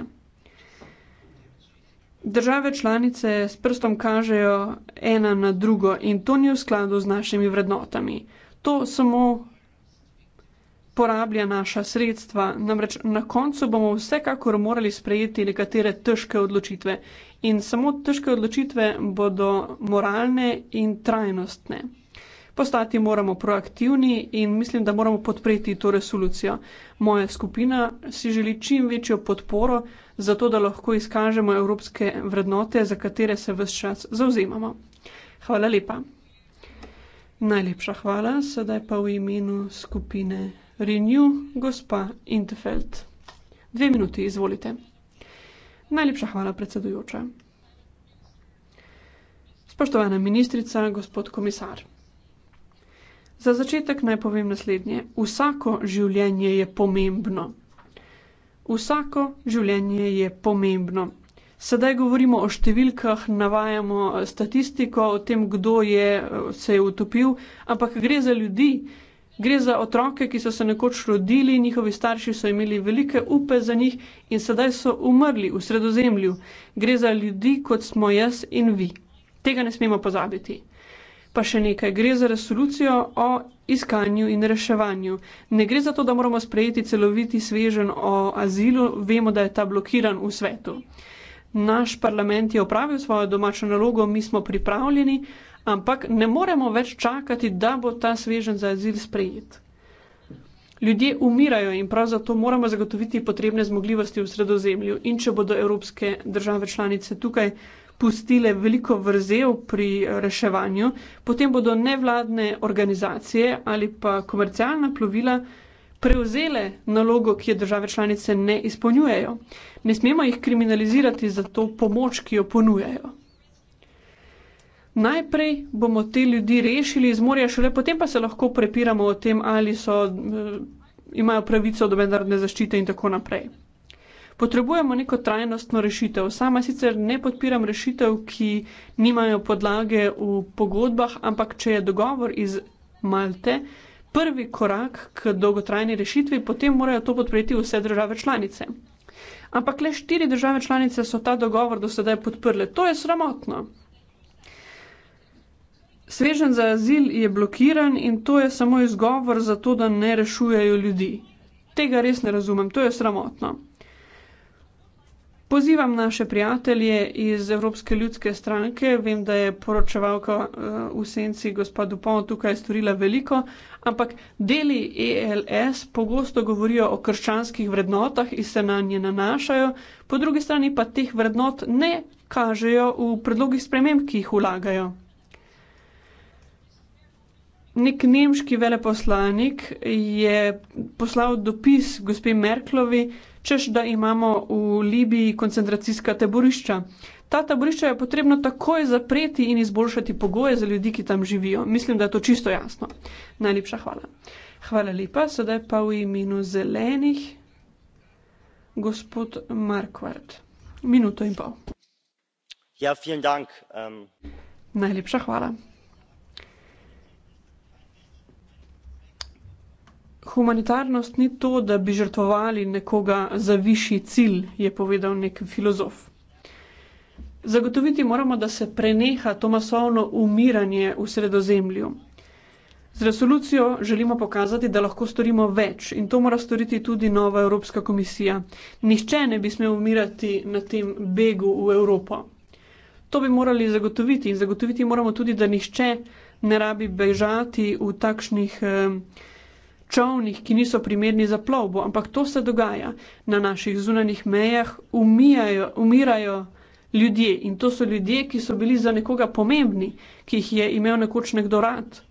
Države članice s prstom kažejo ena na drugo in to ni v skladu z našimi vrednotami. To samo porablja naša sredstva. Namreč na koncu bomo vsekakor morali sprejeti nekatere težke odločitve. In samo težke odločitve bodo moralne in trajnostne. Postati moramo proaktivni in mislim, da moramo podpreti to resolucijo. Moja skupina si želi čim večjo podporo, zato da lahko izkažemo evropske vrednote, za katere se vse čas zauzemamo. Hvala lepa. Najlepša hvala, sedaj pa v imenu skupine Renew, gospa Intefeld. Dve minuti, izvolite. Najlepša hvala, predsedujoča. Spoštovana ministrica, gospod komisar. Za začetek naj povem naslednje. Vsako življenje je pomembno. Vsako življenje je pomembno. Sedaj govorimo o številkah, navajamo statistiko o tem, kdo je se je utopil, ampak gre za ljudi, Gre za otroke, ki so se nekoč rodili, njihovi starši so imeli velike upe za njih in sedaj so umrli v sredozemlju. Gre za ljudi, kot smo jaz in vi. Tega ne smemo pozabiti. Pa še nekaj, gre za resolucijo o iskanju in reševanju. Ne gre za to, da moramo sprejeti celoviti svežen o azilu, vemo, da je ta blokiran v svetu. Naš parlament je opravil svojo domačo nalogo, mi smo pripravljeni, ampak ne moremo več čakati, da bo ta svežen za azil sprejet. Ljudje umirajo in prav zato moramo zagotoviti potrebne zmogljivosti v sredozemlju. In če bodo evropske države članice tukaj pustile veliko vrzel pri reševanju, potem bodo nevladne organizacije ali pa komercialna plovila prevzele nalogo, ki jo države članice ne izpolnjujejo. Ne smemo jih kriminalizirati za to pomoč, ki jo ponujajo najprej bomo te ljudi rešili iz morja, šele potem pa se lahko prepiramo o tem, ali so, eh, imajo pravico do mednarodne zaščite in tako naprej. Potrebujemo neko trajnostno rešitev. Sama sicer ne podpiram rešitev, ki nimajo podlage v pogodbah, ampak če je dogovor iz Malte prvi korak k dolgotrajni rešitvi, potem morajo to podpreti vse države članice. Ampak le štiri države članice so ta dogovor do sedaj podprle. To je sramotno. Svežen za azil je blokiran in to je samo izgovor za to, da ne rešujejo ljudi. Tega res ne razumem, to je sramotno. Pozivam naše prijatelje iz Evropske ljudske stranke, vem, da je poročevalka uh, v senci gospod Dupont tukaj storila veliko, ampak deli ELS pogosto govorijo o krščanskih vrednotah in se na nje nanašajo, po drugi strani pa teh vrednot ne kažejo v predlogih sprememb, ki jih ulagajo. Nek nemški veleposlanik je poslal dopis gospe Merklovi, češ da imamo v Libiji koncentracijska taborišča. Ta taborišča je potrebno takoj zapreti in izboljšati pogoje za ljudi, ki tam živijo. Mislim, da je to čisto jasno. Najlepša hvala. Hvala lepa. Sedaj pa v imenu zelenih gospod Markvard. Minuto in pol. Ja, vielen dank. Um... Najlepša hvala. Humanitarnost ni to, da bi žrtvovali nekoga za višji cilj, je povedal nek filozof. Zagotoviti moramo, da se preneha to masovno umiranje v sredozemlju. Z resolucijo želimo pokazati, da lahko storimo več in to mora storiti tudi nova Evropska komisija. Nihče ne bi smel umirati na tem begu v Evropo. To bi morali zagotoviti in zagotoviti moramo tudi, da nihče ne rabi bežati v takšnih. Eh, čovnih, ki niso primerni za plovbo, ampak to se dogaja na naših zunanjih mejah, umijajo, umirajo ljudje in to so ljudje, ki so bili za nekoga pomembni, ki jih je imel nekoč nekdo rad.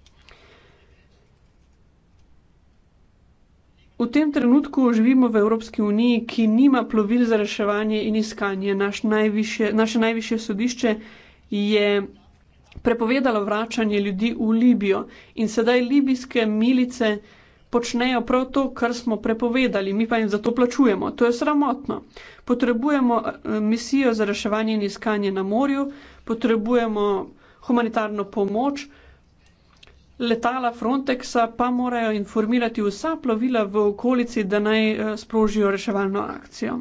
V tem trenutku živimo v Evropski uniji, ki nima plovil za reševanje in iskanje. Naš najviše, naše najviše sodišče je prepovedalo vračanje ljudi v Libijo in sedaj libijske milice počnejo prav to, kar smo prepovedali, mi pa jim za to plačujemo. To je sramotno. Potrebujemo eh, misijo za reševanje in iskanje na morju, potrebujemo humanitarno pomoč. Letala Frontexa pa morajo informirati vsa plovila v okolici, da naj eh, sprožijo reševalno akcijo.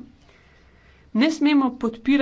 Ne smemo podpirati.